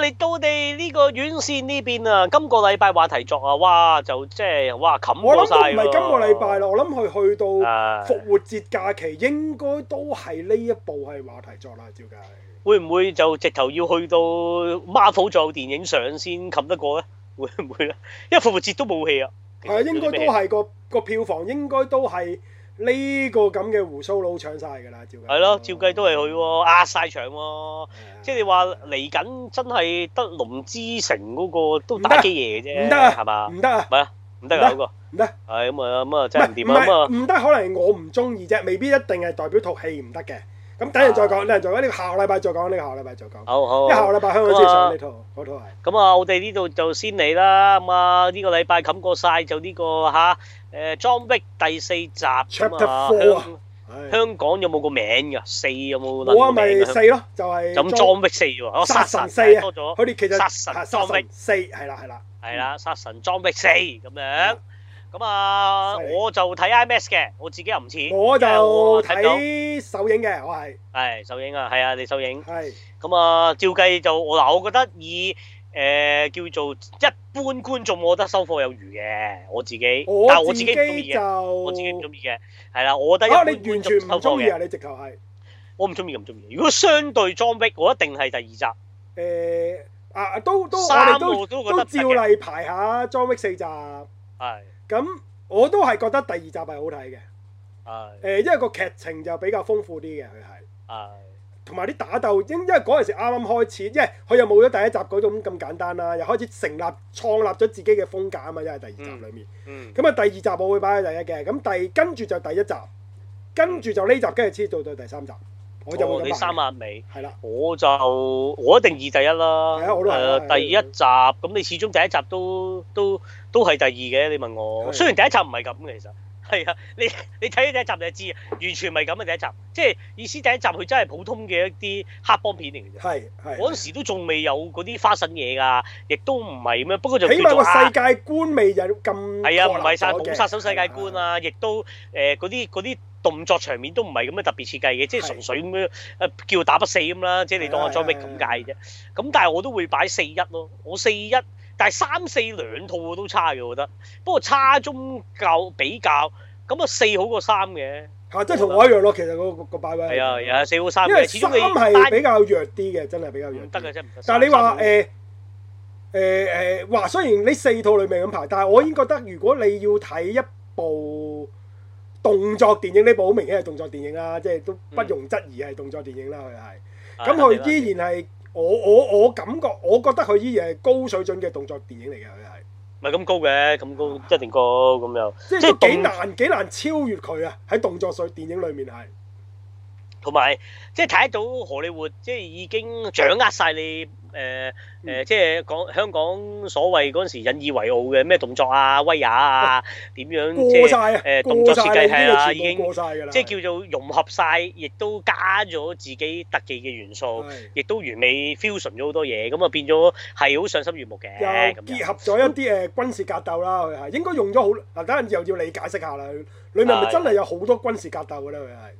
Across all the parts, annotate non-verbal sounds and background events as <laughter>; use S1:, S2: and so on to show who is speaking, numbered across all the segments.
S1: 你到地呢個院線呢邊啊？今個禮拜話題作啊，哇，就即係哇冚晒。唔係今個禮拜
S2: 咯，我諗佢去到復活節假期、哎、應該都係呢一部係話題作啦，照計。
S1: 會唔會就直頭要去到 Marvel 做電影上先冚得過咧？會唔會咧？因為復活節都冇戲啊。
S2: 係啊，應該都係個個票房應該都係。呢個咁嘅胡鬚佬搶晒㗎啦！
S1: 照計係咯，照計都係佢喎，壓曬場喎。即係你話嚟緊真係得龍之城嗰個都打機嘢嘅啫，唔得啊，係嘛？唔得啊，係啊，唔得啊嗰個，唔得。係咁啊，咁啊真係唔掂啊，咁啊唔
S2: 得，可能我唔中意啫。未必一定係代表套戲唔得嘅。咁等陣再講，等陣再講，呢個下個禮拜再講，呢個下個禮拜再
S1: 講。好好，因為下個禮拜香港先上呢
S2: 套
S1: 嗰套係。咁啊，我哋呢度就先嚟啦。咁啊，呢個禮拜冚過晒，就呢個嚇。誒裝逼第四集啊！香港有冇個名㗎？四有冇？我咪四咯，就係。
S2: 咁裝
S1: 逼四喎，殺神多咗，佢殺神裝逼四係啦係啦，係啦殺神裝逼四咁樣。咁啊，我就睇 IMAX 嘅，我自己又唔似。我就睇
S2: 首映嘅，我係。
S1: 係首映啊，係啊，嚟首映。係。咁啊，照計就我嗱，我覺得以。誒、呃、叫做一般觀眾，我覺得收貨有餘嘅我自己，但係我自己唔中意，我自己唔中意嘅係啦，我覺得因為、啊、你完全唔中意啊，你直頭係，我唔中意，咁中意。如果相對 John Wick，我一定係第二集。誒、
S2: 呃、啊，都都，個我，都我都都都照例排下 John Wick 四集。係的。咁我都係覺得第二集係好睇嘅。係的。誒，因為個劇情就比較豐富啲嘅佢係。係。的同埋啲打鬥，因因為嗰陣時啱啱開始，因為佢又冇咗第一集嗰種咁簡單啦、啊，又開始成立創立咗自己嘅風格啊嘛，因為第二集裡面。咁啊、嗯，嗯、第二集我會擺喺第一嘅，咁第跟住就第一集，跟住就呢集，跟住先到到第三集，我就會、哦、你三壓尾，係啦。
S1: 我就我一定二第一啦。係啊，我都係。呃啊、第一集咁，啊、你始終第一集都都都係第二嘅。你問我，的雖然第一集唔係咁嘅其實。係啊，你你睇第一集你就知啊，完全唔係咁啊。第一集，即係意思第一集佢真係普通嘅一啲黑幫片嚟嘅啫。係係嗰陣時都仲未有嗰啲花神嘢㗎，亦都唔係咩，不過就叫做起碼個世
S2: 界觀未有咁狂。係啊，唔係殺冇殺手
S1: 世界觀啊，亦、啊、都誒嗰啲啲動作場面都唔係咁嘅特別設計嘅，即係純粹咁樣誒是叫打不死咁啦，即係你當我裝逼咁解啫。咁但係我都會擺四一咯，我四一。但係三四兩套都差嘅，我覺得。不過差中較比較咁啊，四好過三嘅。
S2: 嚇！即係同我一樣咯，其實個擺位係啊，又係四好三。因為三係比較弱啲嘅，但真係比較弱。得但係你話誒誒誒嘩，雖然呢四套裏面咁排，但係我已經覺得，如果你要睇一部動作電影，呢部好明顯係動作電影啦，即係都不容質疑係動作電影啦。佢係咁佢依然係。我我我感覺，我覺得佢依然係高水準嘅動作電影嚟嘅，佢係。
S1: 唔係咁高嘅，咁高、啊、一
S2: 定高咁又。樣即係是幾難幾難超越佢啊！喺動作上，電影裡面係。
S1: 同埋即係睇到荷里活即係、即係、已經掌握晒你。誒誒，即係講香港所謂嗰陣時引以為傲嘅咩動作啊、威亞啊，點樣即係誒動作設計啊，已經過晒㗎喇，即係叫做融合晒，亦都加咗自己特技嘅元素，亦都完美 fusion 咗好多嘢，咁啊變咗係好賞心悅目嘅。又
S2: 結合咗一啲誒軍事格鬥啦，佢係應該用咗好嗱，等陣又要你解釋下啦。裏面咪真係有好多軍事格鬥嘅佢係。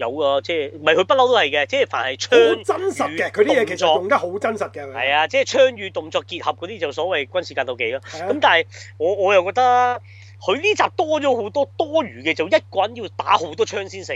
S1: 有啊，即係唔係佢不嬲都係嘅，即係凡係槍，好真
S2: 實嘅，佢啲嘢其實用得好真實嘅。
S1: 係啊的，的即係槍與動作結合嗰啲就所謂軍事格鬥技咯。咁的但係我我又覺得佢呢集多咗好多多餘嘅，就一個人要打好多槍先死，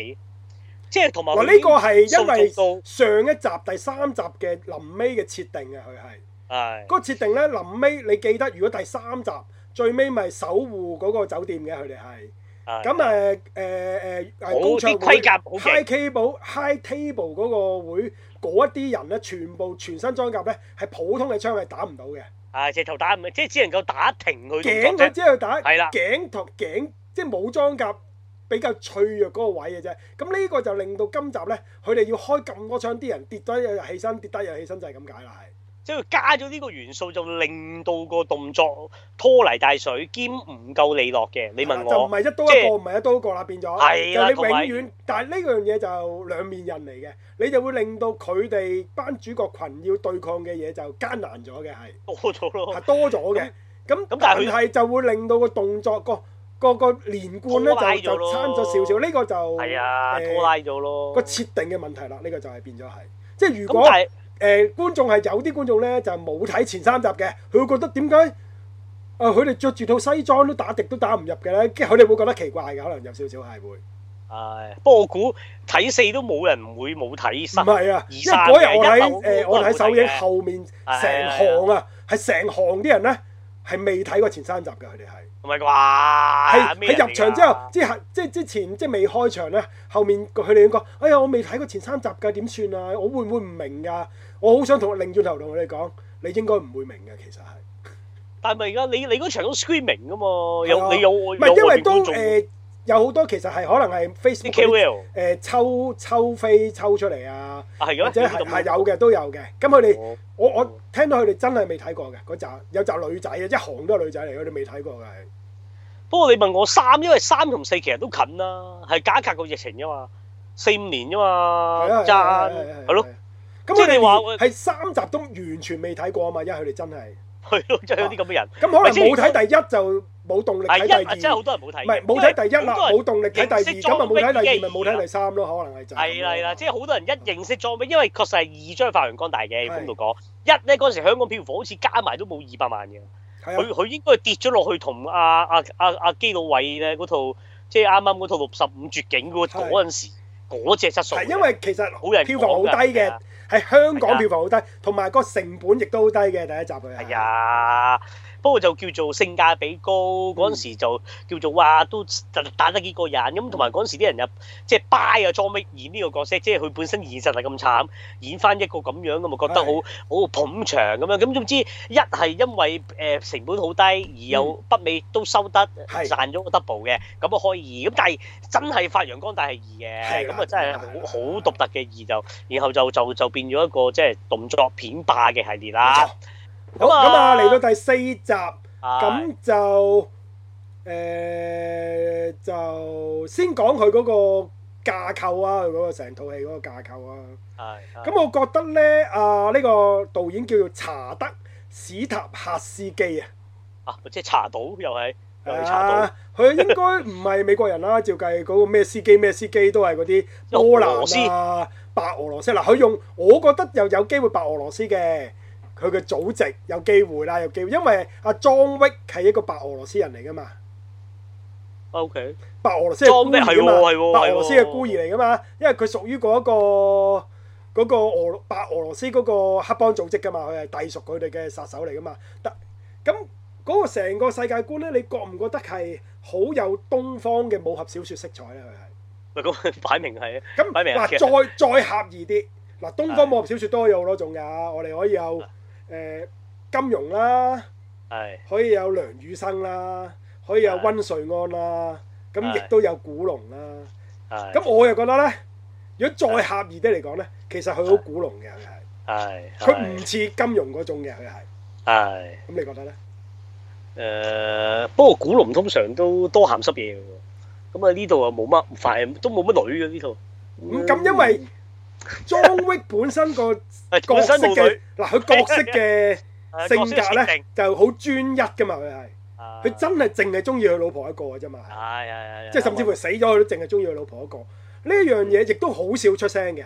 S1: 即係同埋。呢個係因為
S2: 上一集第三集嘅臨尾嘅設定嘅，佢係。
S1: 係的。
S2: 嗰個設定咧，臨尾你記得，如果第三集最尾咪守護嗰個酒店嘅，佢哋係。咁誒誒誒，高槍規格，high table，high table 嗰個會，嗰一啲人咧，全部全身裝甲咧，係普通嘅槍係打唔到嘅。
S1: 啊！直頭打唔，即係只能夠打停佢。頸啊，只
S2: 可以打。係啦的，頸同頸，即係冇裝甲，比較脆弱嗰個位嘅啫。咁呢個就令到今集咧，佢哋要開咁多槍，啲人跌低又起身，跌低又起身，就係咁解啦，係。
S1: 即係加咗呢個元素，就令到個動作拖泥帶水，兼唔夠利落嘅。你問我就唔係一刀一個，唔
S2: 係一刀一個啦，變咗係啦。就你永遠，但係呢樣嘢就兩面人嚟嘅，你就會令到佢哋班主角群要對抗嘅嘢就艱難咗嘅，係多咗咯，係多咗嘅。咁但係就會令到個動作個個個連貫咧，就就差咗少少。呢個就係拖拉咗咯，個設定嘅問題啦。呢個就係變咗係，即係如果誒、呃、觀眾係有啲觀眾咧，就冇、是、睇前三集嘅，佢會覺得點解？啊、呃，佢哋着住套西裝都打敵都打唔入嘅咧，佢哋會覺得奇怪嘅，可能有少少係會。係、啊，不過我估
S1: 睇四都冇人會冇睇，唔係啊，因為嗰日我喺誒我喺首映後面
S2: 成行啊，係成行啲人咧。係未睇過前三集嘅，佢哋係唔係啩？係喺入場之後，即係即係之前即係未開場咧。後面佢哋點講？哎呀，我未睇過前三集嘅，點算啊？我會唔會唔明噶、啊？我好想同佢拎轉頭同佢哋講，你應該唔會明嘅，其實係。
S1: 但係咪而家你你嗰場都 screaming 嘅嘛？
S2: 的有你有，唔係是因為都誒。呃有好多其實係可能係 Facebook 誒抽抽飛抽出嚟啊！啊係嗰啲，或者係係有嘅都有嘅。咁佢哋我我聽到佢哋真係未睇過嘅嗰集，有集女仔啊，一行都係女仔嚟，佢哋未睇過嘅。
S1: 不過你問我三，因為三同四其實都近啦，係假隔個疫情啫嘛，四五年啫嘛，
S2: 集係咯。咁你話係三集都完全未睇過啊嘛，因為佢哋真係係咯，真有啲咁嘅人。咁可能冇睇第一就。冇動力睇第二，真係好多人冇睇。唔係冇睇第一啦，冇動力睇第二，咁咪冇睇第二，咪冇睇第三咯，可能係就係。係啦，
S1: 即係好多人一認識裝逼，因為確實係二張發揚光大嘅，咁度講一呢嗰陣時香港票房好似加埋都冇二百萬嘅，佢佢應該跌咗落去同阿阿阿阿基努偉咧嗰套，即係啱啱嗰套六十五絕境嗰嗰陣時嗰
S2: 隻質素。因為其實好人票房好低嘅，係香港票房好低，同埋個成本亦都好低嘅第一集佢係。不過就叫做性價比高，嗰陣
S1: 時就叫做話都打得幾個人咁，同埋嗰陣時啲人又即係 Buy 啊，裝逼演呢個角色，即係佢本身現實係咁慘，演翻一個咁樣咁啊，覺得好好捧場咁樣。咁總之一係因為誒成本好低，而又北美都收得賺咗個 double 嘅，咁啊開二咁，但係真係發揚光大係二嘅，咁啊真係好好獨特嘅二就，然後就就就變咗一個即係動作片霸嘅系列啦。好咁啊！嚟到
S2: 第四集，咁的就誒、呃、就先講佢嗰個架構啊，佢嗰個成套戲嗰個架構啊。係的。咁我覺得咧，阿、啊、呢、呢個導演叫做查德史塔克斯基啊。啊，即係查到又係。又查到啊！佢應該唔係美國人啦。 <laughs> 照計嗰個咩斯基咩斯基都係嗰啲波蘭、啊、俄羅斯啊，白俄羅斯嗱。佢、啊、用我覺得又有機會白俄羅斯嘅。佢嘅組織有機會啦，有機會，因為阿莊威係一個白俄羅斯人嚟噶嘛。
S1: O K，
S2: 白俄羅斯。莊咩係喎？係喎，白俄羅斯嘅孤兒嚟噶嘛？因為佢屬於嗰一個嗰個俄白俄羅斯嗰個黑幫組織噶嘛，佢係隸屬佢哋嘅殺手嚟噶嘛。得咁嗰個成個世界觀咧，你覺唔覺得係好有東方嘅武俠小説色彩咧？佢係咪
S1: 咁擺明係？
S2: 咁擺明嘅。嗱，再再狹義啲。嗱，東方武俠小説都有好多種㗎，我哋可以有。誒金庸啦，可以有梁羽生啦，可以有温瑞安啦，咁亦都有古龍啦。咁我又覺得咧，如果再狹義啲嚟講咧，其實佢好古龍嘅，佢係。係。佢唔似金庸嗰種嘅，佢係。
S1: 係。咁你覺得咧？誒，不過古龍通常都多鹹濕嘢嘅喎。咁啊，呢度又冇乜，凡係都冇乜女嘅呢度。
S2: 咁咁因為。John Wick 本身個角色嘅，嗱，佢 <laughs> 露 <laughs> 角色嘅性格咧就好專一噶嘛，佢係佢真係淨係中意佢老婆一個嘅啫嘛，係係係，啊啊啊、即係甚至乎死咗佢都淨係中意佢老婆一個。呢樣嘢亦都好少出聲嘅，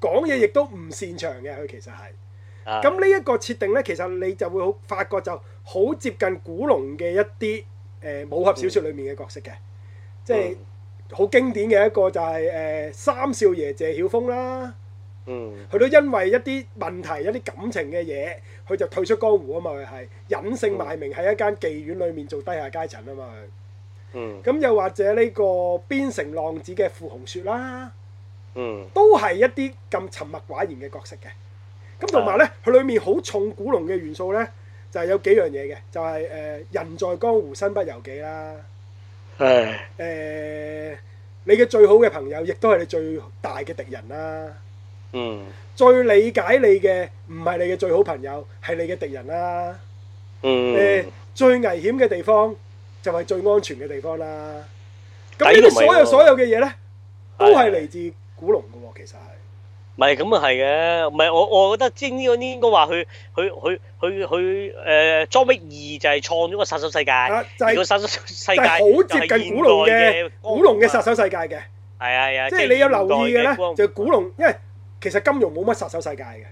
S2: 講嘢亦都唔擅長嘅，佢其實係。咁、啊、呢一個設定咧，其實你就會發覺就好接近古龍嘅一啲誒、呃、武俠小說裏面嘅角色嘅，即係、嗯。嗯好經典嘅一個就係、是、誒、呃、三少爺謝曉峰啦，嗯，佢都因為一啲問題、一啲感情嘅嘢，佢就退出江湖啊嘛，佢係隱姓埋名喺一間妓院裏面做低下階層啊嘛，嗯，咁又或者呢個邊城浪子嘅傅紅雪啦，嗯，都係一啲咁沉默寡言嘅角色嘅，咁同埋咧，佢裏、啊、面好重古龍嘅元素咧，就係、是、有幾樣嘢嘅，就係、是、誒、呃、人在江湖身不由己啦。誒，誒，你嘅最好嘅朋友，亦都係你最大嘅敵人啦、啊。嗯，最理解你嘅唔係你嘅最好朋友，係你嘅敵人啦、啊。嗯，誒，最危險嘅地方就係最安全嘅地方啦、啊。咁呢啲所有所有嘅嘢咧，都係嚟自古龍嘅、啊，其實係。
S1: 唔係咁啊，係嘅，唔係我我覺得，即呢個呢應該話佢佢佢佢佢誒《z o 二》呃、就係創咗、就是、個殺手世界，個殺手世界好接近古龍嘅
S2: 古龍嘅殺手世界嘅，係啊係
S1: 啊，啊即係你有留意嘅咧，
S2: 就古龍，因為其實金融冇乜殺手世界嘅，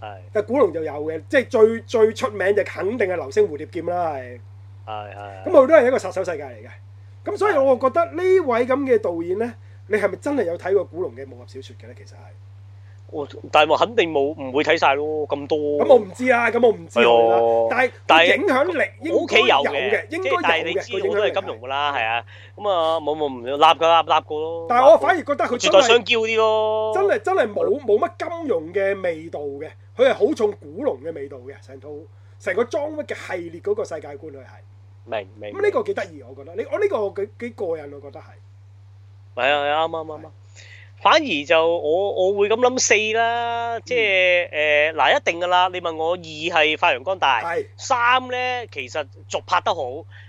S2: 係、啊、但古龍就有嘅，即、就、係、是、最最出名就肯定係流星蝴蝶劍啦，係係係，咁佢、啊啊嗯、都係一個殺手世界嚟嘅，咁所以我覺得呢位咁嘅導演咧，你係咪真係有睇過古龍嘅武俠小説嘅咧？其實係。
S1: 我但係冇肯定冇唔會睇晒咯咁多。咁我唔
S2: 知啊，咁我唔知啦。但係 明 Lo、嗯，但係影響力應該有嘅，應該有嘅。即係，但係你知道
S1: 都係金融噶啦，係啊。咁啊，冇冇唔笠佢笠笠過咯。
S2: 但係我反而覺得佢絕代雙驕啲咯。真係真係冇冇乜金融嘅味道嘅，佢係好重古龍嘅味道嘅，成套成個裝乜嘅系列嗰個世界觀佢係。明明咁呢個幾得意，我覺得你我呢、這個幾幾過癮，我覺得係。係啊、嗯，
S1: 啱啱啱啱。反而就我我會咁諗四啦，嗯、即係誒嗱一定㗎喇，你問我二係發揚光大，是三呢其實續拍得好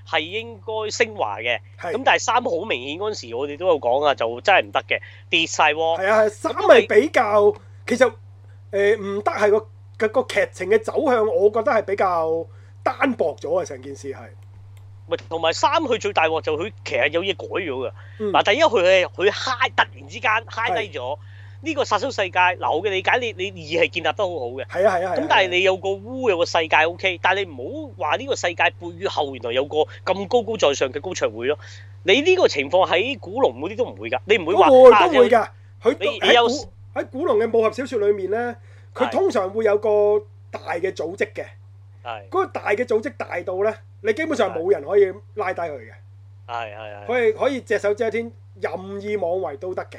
S1: 係應該升華嘅，咁是但係三好明顯嗰陣時我哋都有講啊，就真係唔得嘅跌晒
S2: 曬喎，三咪比較其實誒唔、呃、得係個個個,個劇情嘅走向，我覺得係比較單薄咗啊成件事係。
S1: 同埋三去最大鑊就佢其實有嘢改咗嘅。
S2: 嗱，嗯、第一佢係
S1: 佢嗨突然之間嗨低咗。呢個殺手世界，嗱，我嘅理解你，你你二係建立得好好嘅。係啊係啊。咁但係你有個烏有個世界 O、okay, K，但係你唔好話呢個世界背後原來有個咁高高在上嘅高卓會咯。你呢個情況喺古龍嗰啲都唔會㗎，你唔會話。都會、啊、都佢
S2: 喺喺古龍嘅武俠小説裡面咧，佢通常會有個大嘅組織嘅。係。嗰個大嘅組織大到咧。你基本上冇人可以拉低佢嘅，係
S1: 係係，佢
S2: 係可以隻手遮天，任意妄為都得嘅，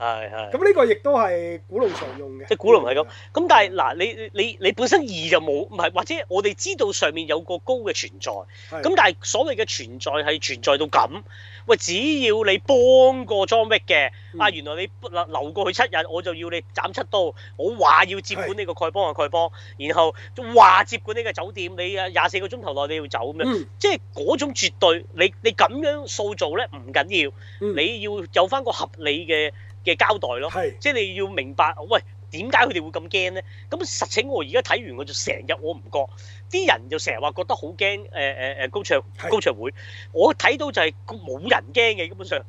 S1: 係係。咁呢
S2: 個亦都係古龍常用嘅，即係古
S1: 龍係咁的。咁但係嗱，你你你本身二就冇，唔係或者我哋知道上面有個高嘅存在，咁是的 但係所謂嘅存在係存在到咁。喂，只要你幫過裝逼嘅，啊，原來你留留過去七日，我就要你斬七刀。我話要接管呢個丐幫啊丐幫，然後話接管呢個酒店，你啊廿四個鐘頭內你要走咁樣，嗯、即係嗰種絕對你你咁樣塑造咧唔緊要，嗯、你要有返個合理嘅嘅交代咯，嗯、即係你要明白喂。點解佢哋會咁驚咧？咁實情我而家睇完，我就成日我唔覺，啲人就成日話覺得好驚誒誒誒高卓高卓會，是的 我睇到就係冇人驚嘅基本上。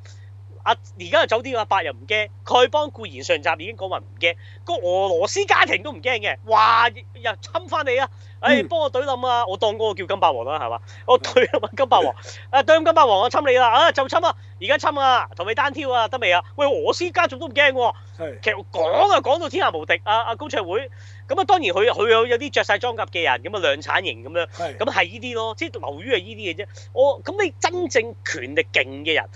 S1: 啊！而家又酒店啊，八又唔驚。丐幫固然上集已經講話唔驚，個俄羅斯家庭都唔驚嘅。哇！又侵翻你啊！誒、哎，幫我隊諗啊！我當嗰個叫金霸王啦，係嘛？我隊金霸王，誒隊、 <laughs> 啊、金霸王，我侵你啦！啊，就侵啊！而家侵啊，同你單挑啊，得未啊？喂，俄羅斯家族都唔驚喎。其實講啊，講到天下無敵啊！啊，高卓會咁啊，當然佢佢有啲着晒裝甲嘅人，咁啊量產型咁樣，咁係呢啲咯，即係流於係呢啲嘢啫。我咁你真正權力勁嘅人。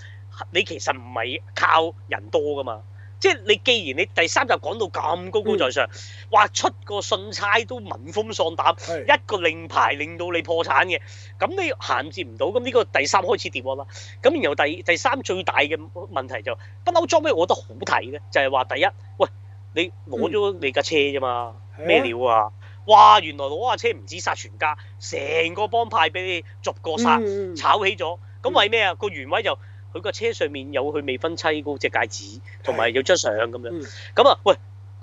S1: 你其實唔係靠人多噶嘛，即係你既然你第三集講到咁高高在上，話、嗯、出個信差都聞風喪膽，的一個令牌令到你破產嘅，咁你銜接唔到，咁呢個第三開始跌啦。咁然後第第三最大嘅問題就不嬲裝咩？我覺得好睇咧，就係、是、話第一，喂你攞咗你架車啫嘛，咩料、嗯、啊？嗯、哇，原來攞架車唔止殺全家，成個幫派俾你逐個殺、嗯嗯、炒起咗，咁為咩啊？個原委就～、嗯嗯嗯佢個車上面有佢未婚妻嗰隻戒指，同埋有張相咁的樣。咁啊，喂，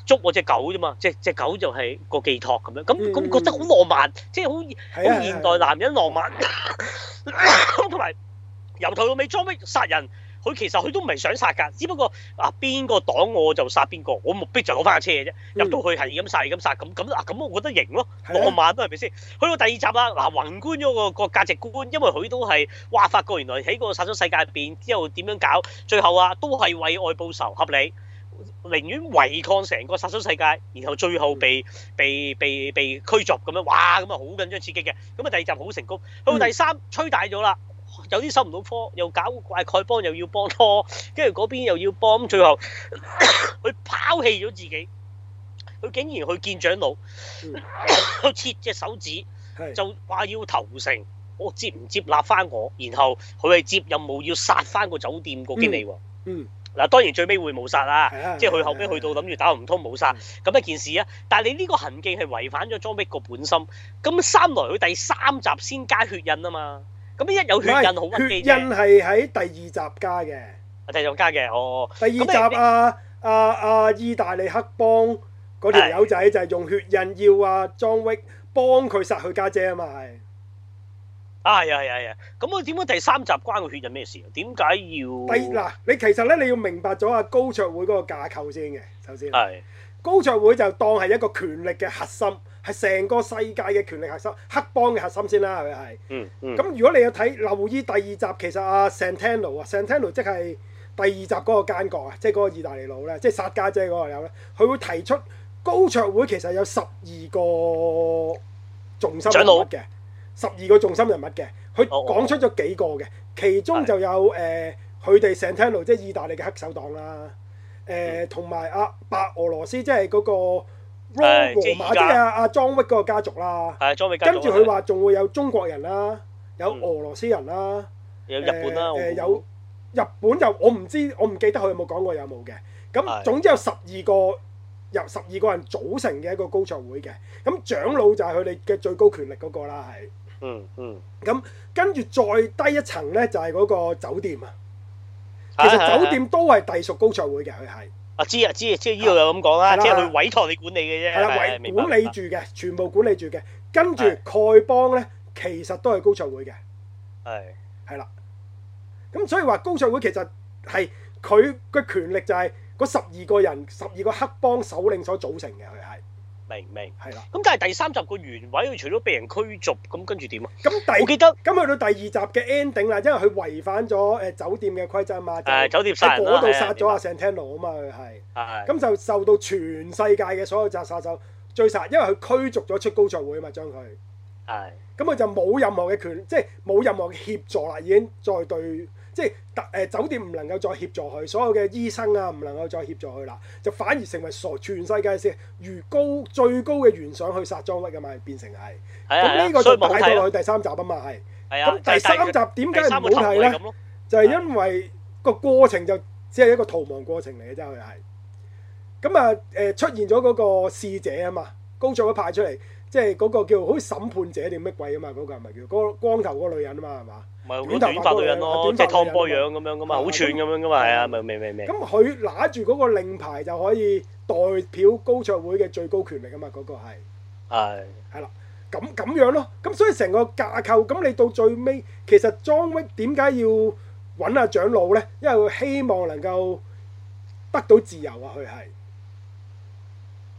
S1: 捉我隻狗啫嘛，隻隻狗就係個寄託咁樣。咁咁覺得好浪漫，的即係好好現代男人浪漫。同埋的 <laughs> 由頭到尾裝逼殺人。佢其實佢都唔係想殺㗎，只不過啊邊個擋我就殺邊個，我目的就攞翻架車嘅啫。入到、嗯、去係咁殺，咁殺，咁咁啊咁，我覺得型咯，浪漫都係咪先？去、啊、到第二集啦，嗱、啊，宏觀咗、個、個價值觀，因為佢都係哇發覺原來喺個殺手世界入邊之後點樣搞，最後啊都係為愛報仇合理，寧願違抗成個殺手世界，然後最後被、嗯、被被被，被驅逐咁樣，哇咁啊好緊張刺激嘅，咁啊第二集好成功，去到第三，到第三吹大咗啦。了了有啲收唔到科，又搞怪，丐幫又要幫拖，跟住嗰邊又要幫，最後佢 <laughs> 拋棄咗自己，佢竟然去見長老， <laughs> 切隻手指，是就話要投誠，我接唔接納翻我，然後佢係接任務要殺翻個酒店個經理喎。嗱 <laughs> <laughs> <laughs> 當然最尾會冇殺啊，即係佢後尾去到諗住打唔通冇殺，咁一件事啊。但係你呢個行徑係違反咗莊碧個本心，咁三來佢第三集先加血印啊嘛。咁一有血印好揾嘅，是血印係
S2: 喺第二集加嘅，第，哦、第二集加嘅，哦，第二集啊啊啊！意大利黑幫嗰條友仔就係用血印要啊 John Wick 幫佢殺佢家姐啊嘛，
S1: 係、啊，啊係啊係啊，咁我點解第三集關個血印咩事啊？點解要？嗱、啊，
S2: 你其實咧你要明白咗啊，高卓會嗰個架構先嘅，首先，係的高卓會就當係一個權力嘅核心。係成個世界嘅權力核心，黑幫嘅核心先啦，佢係，咁、嗯嗯、如果你有睇留意第二集，其實阿 Santangelo 啊 Santangelo 即係第二集嗰個奸角啊，即係嗰個意大利佬咧，即係殺家姐嗰個友咧，佢會提出高桌會其實有十二個重心人物嘅，十二老個重心人物嘅，佢講出咗幾個嘅，哦哦、其中就有誒佢、呃、哋 Santangelo 即係意大利嘅黑手黨啦，誒同埋阿白俄羅斯即係嗰個。
S1: Rango 馬即係阿
S2: 阿 John Wick 嗰個家族啦，
S1: 族跟住佢話
S2: 仲會有中國人啦，嗯、有俄羅斯人啦、嗯，
S1: 有日本啦，誒有
S2: 日本又我唔知我唔記得佢有冇講過有冇嘅。咁總之有十二個由十二個人組成嘅一個高唱會嘅。咁長老就係佢哋嘅最高權力嗰、那個啦，係嗯嗯。咁、嗯、跟住再低一層呢，就係、是、嗰個酒店啊。其實酒店都係隸屬高唱會嘅，佢係。啊知
S1: 啊知啊即係依度又咁講啦，即係佢委託你管理嘅啫，係係管理住
S2: 嘅，全部管理住嘅。跟住丐幫咧，其實都係高桌會嘅，係係啦。咁所以話高桌會其實係佢個權力就係十二個人、十二個黑幫首領所組成嘅。
S1: 明明係啦，咁的但係第三集個原委，佢除咗被人驅逐，咁跟住點啊？
S2: 咁第我記得咁去到第二集嘅 ending 啦，因為佢違反咗誒酒店嘅規則啊嘛，喺嗰度殺咗阿 Saint 聖聽羅啊嘛，佢係的，咁就受到全世界嘅所有殺殺手追殺，因為佢驅逐咗出高賽會啊嘛，將佢，咁佢的就冇任何嘅權，即係冇任何嘅協助啦，已經再對。即係、呃、酒店唔能夠再協助佢，所有嘅醫生啊唔能夠再協助佢啦，就反而成為全世界先，如高最高嘅懸賞去殺莊威噶嘛，變成係咁呢個就帶到落去第三集啊嘛係。咁的第三集點解唔好睇呢？就係因為個過程就只係一個逃亡過程嚟嘅，真係係。咁的啊誒、呃、出現咗嗰個侍者啊嘛，高桌都派出嚟，即係嗰個叫好似審判者定乜鬼啊、那個那個那個、嘛，嗰、那個係咪叫光頭嗰個女人啊嘛係嘛？
S1: 咪短髮女人咯，即係燙波樣咁樣噶嘛，好寸咁樣噶嘛，係啊，咪咪咪咪。咁
S2: 佢拿住嗰個令牌就可以代表高桌會嘅最高權力噶嘛，嗰個係係係啦，咁咁樣咯，咁所以成個架構，咁你到最尾，其實莊域點解要揾下長老咧？因為佢希望能夠得到自由啊，佢係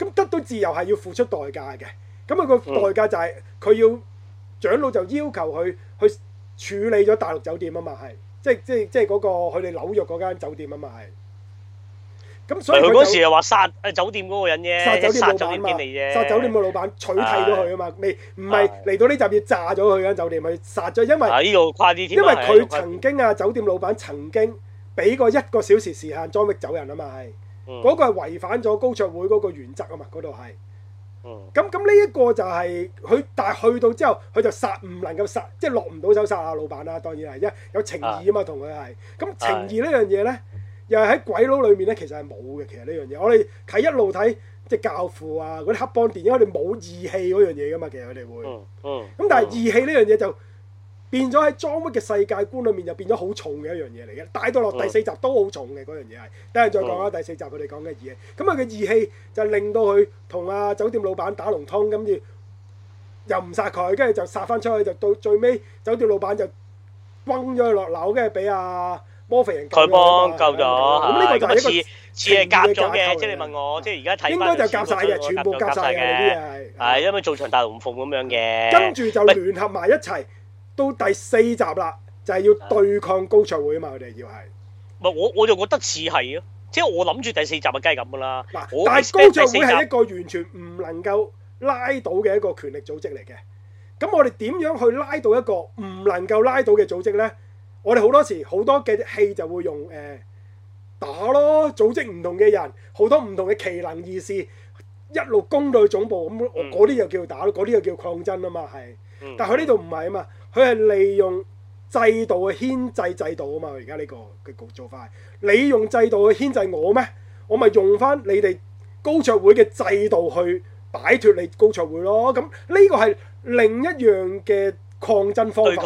S2: 咁得到自由係要付出代價嘅，咁啊個代價就係佢要長老就要求佢。處理咗大陸酒店啊嘛係，即係即係即係、那、嗰個佢哋紐約嗰間酒店啊嘛係。咁所以佢嗰時
S1: 就話殺、啊、酒店嗰個人啫，殺酒店老闆啊嘛，殺酒店
S2: 個老闆取締咗佢啊嘛，未唔係嚟到呢集要炸咗佢間酒店，咪殺咗，因為、啊、點點因為佢曾經啊點點酒店老闆曾經俾過一個小時時間裝逼走人啊嘛係，嗰、嗯、個係違反咗高桌會嗰個原則啊嘛嗰度係。那個咁咁呢一個就係、是、佢，但係去到之後佢就殺唔能夠殺，即係落唔到手殺阿老闆啦。當然係，因為有情義啊嘛，嗯、同佢係。咁情義呢樣嘢咧，嗯、又係喺鬼佬裏面咧，其實係冇嘅。其實呢樣嘢，我哋睇一路睇即係教父啊嗰啲黑幫電影，佢哋冇義氣嗰樣嘢噶嘛。其實佢哋會，哦、嗯，咁、嗯、但係義氣呢樣嘢就。嗯嗯變咗喺裝乜嘅世界觀裏面，就變咗好重嘅一樣嘢嚟嘅，帶到落第四集都好重嘅嗰樣嘢係。等下再講啦，第四集佢哋講嘅義氣，咁佢嘅義氣就令到佢同啊酒店老闆打龍通，跟住又唔殺佢，跟住就殺翻出去，就到最尾酒店老闆就掹咗佢落樓，跟住俾阿摩菲人
S1: 救咗，咁呢個就一似似係夾咗嘅，即係
S2: 你問我，即係而家睇翻嚟，應該就夾晒嘅，全部夾晒嘅呢啲
S1: 係。係因為做場大龍鳳咁樣嘅，跟
S2: 住就聯合埋一齊。到第四集啦，就係、是、要對抗高桌會啊嘛！佢哋要係，
S1: 唔係我我就覺得似係啊。即係我諗住第四集啊，梗係咁噶啦。嗱，但係高桌會係一
S2: 個完全唔能夠拉到嘅一個權力組織嚟嘅。咁我哋點樣去拉到一個唔能夠拉到嘅組織呢？我哋好多時好多嘅戲就會用誒、呃、打咯，組織唔同嘅人，好多唔同嘅奇能異士，一路攻到去總部咁，我嗰啲又叫打咯，嗰啲又叫抗爭啊嘛係。但係佢呢度唔係啊嘛。佢係利用制度去牽制制度啊嘛，而家呢個嘅做法。你用制度去牽制我咩？我咪用翻你哋高桌會嘅制度去擺脫你高桌會咯。咁呢個係另一樣嘅抗爭方法嚟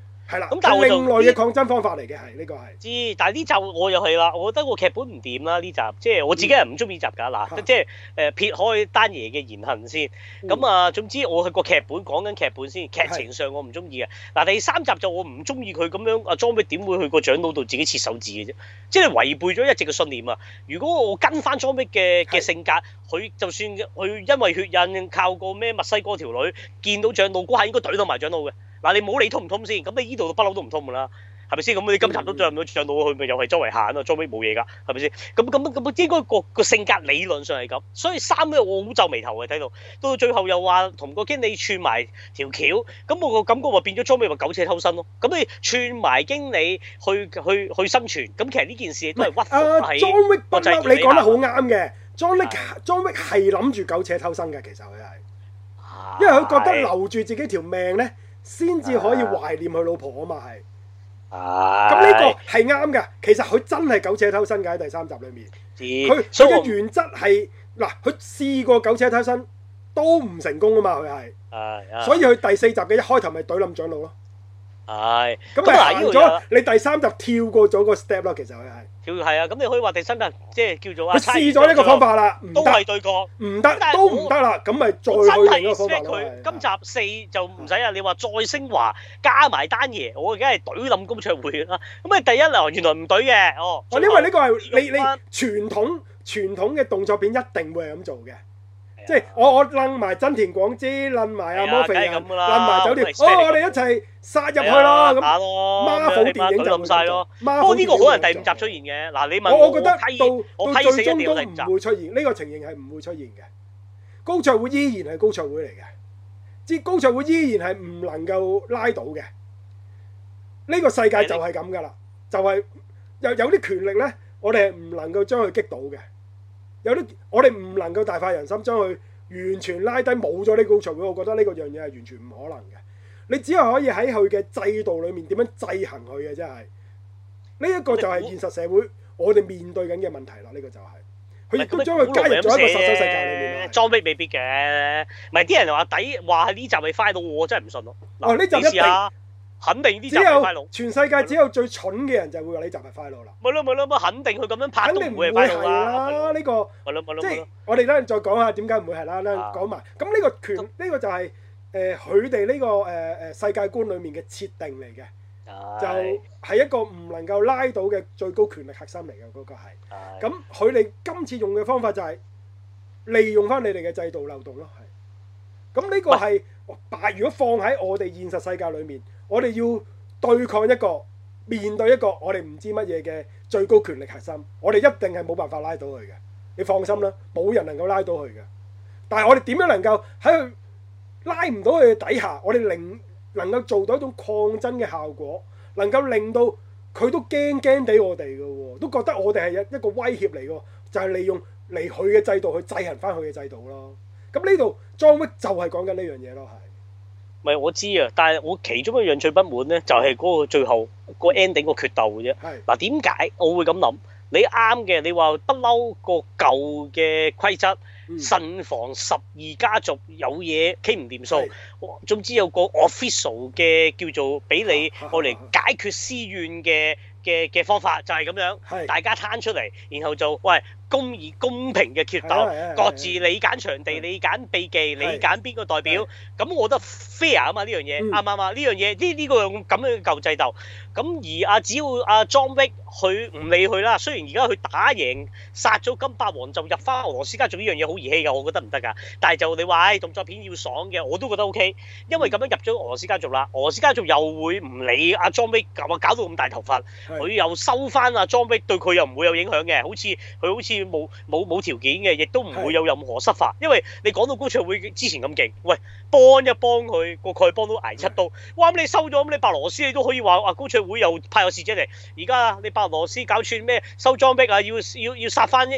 S2: 嘅。係啦，咁、嗯、但係我另類嘅抗爭方法嚟
S1: 嘅係呢個係知，但係呢集我又係啦，我覺得個劇本唔掂啦呢集，即係我自己係唔中意呢集㗎嗱、嗯，即係誒、呃、撇開丹爺嘅言行先，咁啊、嗯、總之我去個劇本講緊劇本先，劇情上我唔中意嘅嗱，第三集就我唔中意佢咁樣啊，莊麥點會去個長老度自己切手指嘅啫，即係違背咗一直嘅信念啊！如果我跟翻莊麥嘅嘅性格，佢、嗯、就算佢因為血印靠個咩墨西哥條女見到長老嗰下應該懟到埋長老嘅。嗱、啊、你冇理通唔通先，咁你依度都不嬲都唔通噶啦，係咪先？咁你今集都上唔到上到去，咪又係周圍行咯。莊威冇嘢噶，係咪先？咁咁咁應該個個性格理論上係咁，所以三咧我好皺眉頭嘅睇到，到最後又話同個經理串埋條橋，咁我個感覺話變咗莊威話苟且偷生咯。咁你串埋經理去去去，去生存，咁其實呢件事都係屈服喺，我
S2: 就係你講得好啱嘅。莊威莊威係諗住苟且偷生嘅，其實佢係，
S1: 因為佢覺得留
S2: 住自己條命咧。先至可以懷念佢老婆啊嘛，係，
S1: 咁呢、啊、個
S2: 係啱嘅。其實佢真係苟且偷生嘅喺第三集裏面，佢所嘅原則係嗱，佢、啊啊、試過苟且偷生都唔成功啊嘛，佢係，啊啊、所以佢第四集嘅一開頭咪懟冧長老咯。
S1: 係，咁係行咗，這這
S2: 你第三集跳過咗個 step 啦，其實佢係
S1: 跳係啊，咁你可以話第三集即係叫做啊，試咗呢個方法啦，後行都係對
S2: 過，唔得行，都唔得啦，咁咪再嚟。真係即係佢，
S1: 今集四就唔使啦。你話再升華，加埋單嘢，我而家係懟冧工桌會啦。咁啊，第一流，原來唔懟嘅，
S2: 哦，因為呢個係你你傳統傳統嘅動作片一定會係咁做嘅。即係我我揈埋真田廣之，揈埋阿摩飛人，揈埋酒店，哦，我哋一齊殺入去啦！咁，孖寶電
S1: 影就冇曬咯。孖寶呢個可能第五集出現嘅。嗱、啊，你問我，我，我覺得到到最終都唔會
S2: 出現。呢、這個情形係唔會出現嘅。高桌會依然係高桌會嚟嘅。即高桌會依然係唔能夠拉到嘅。呢、這個世界就係咁㗎啦。就係、是、又有啲權力咧，我哋係唔能夠將佢擊倒嘅。有啲我哋唔能夠大快人心將佢完全拉低，冇咗呢個社會，我覺得呢個樣嘢係完全唔可能嘅。你只係可以喺佢嘅制度裏面點樣制衡佢嘅，真係呢一個就係現實社會我哋面對緊嘅問題啦。呢、這個就係佢亦都將佢加入咗一個實質世界裏面，
S1: 裝逼未必嘅。唔係啲人話抵話呢集未 fire 到我真，真係唔信咯。嗱呢、啊、集肯定
S2: 啲就唔，全世界只有最蠢嘅人就會話你就唔係快樂，冇啦冇啦冇啦。冇啦冇啦，我肯定佢咁樣拍肯定唔會係快樂啦。呢個即係我哋等陣再講下點解唔會係啦咧，講埋咁呢個權，呢、呢個就係誒佢哋呢個誒誒、呃、世界觀裡面嘅設定嚟嘅，係就係一個唔能夠拉到嘅最高權力核心嚟嘅嗰個係。咁佢哋今次用嘅方法就係利用翻你哋嘅制度漏洞咯，係咁呢個係。如果放喺我哋現實世界裏面。我哋要對抗一個面對一個我哋唔知乜嘢嘅最高權力核心，我哋一定係冇辦法拉到佢嘅。你放心啦，冇人能夠拉到佢嘅。但係我哋點樣能夠喺佢拉唔到佢嘅底下，我哋能能夠做到一種抗爭嘅效果，能夠令到佢都驚驚地我哋嘅喎，都覺得我哋係一個威脅嚟嘅，就係利用嚟佢嘅制度去制衡翻佢嘅制度咯。咁呢度 John Wick 就係講緊呢樣嘢咯，係。
S1: 唔係我知啊，但係我其中一樣最不滿呢，就係、是、嗰個最後個 ending 個決鬥嘅啫。嗱，點解我會咁諗？你啱嘅，你話不嬲個舊嘅規則，慎防十二家族有嘢傾唔掂數，的總之有個 official 嘅叫做俾你我嚟解決私怨嘅嘅嘅方法，就係、是、咁樣，的大家攤出嚟，然後就喂。公義公平嘅決鬥，各自你揀場地、你揀是的 秘技、你揀邊個代表，咁我覺得 fair 啊嘛呢、嗯這個這個、樣嘢，啱唔啱啊？呢樣嘢呢呢個咁樣嘅舊制度，咁而阿、啊、只要阿莊碧佢唔理佢啦，雖然而家佢打贏殺咗金霸王就入翻俄羅斯家族呢樣嘢好兒戲㗎，我覺得唔得㗎。但係就你話唉、哎、動作片要爽嘅，我都覺得 OK，因為咁樣入咗俄羅斯家族啦，俄羅斯家族又會唔理阿莊碧，搞到咁大頭髮，佢又收翻阿莊碧對佢又唔會有影響嘅，好似佢好似。冇冇冇條件嘅，亦都唔會有任何失法，的因為你講到高翠會之前咁勁，喂幫一幫佢，個佢幫到捱七刀。的哇！咁你收咗，咁你白羅斯你都可以話話、啊、高翠會又派個使者嚟。而家你白羅斯搞串咩收裝逼啊？要要要殺翻一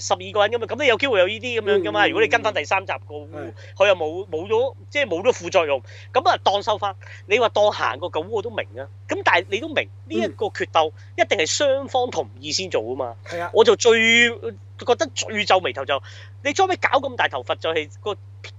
S1: 十二個人咁嘛？咁你有機會有呢啲咁樣噶嘛？嗯、如果你跟翻第三集個烏，佢又冇冇咗，即係冇咗副作用。咁啊當收翻，你話當行個狗我都明啊。咁但係你都明呢一、嗯、個決鬥一定係雙方同意先做啊嘛。係啊的，的我就最。佢覺得最皺眉頭就你做咩搞咁大頭佛？就係、是、個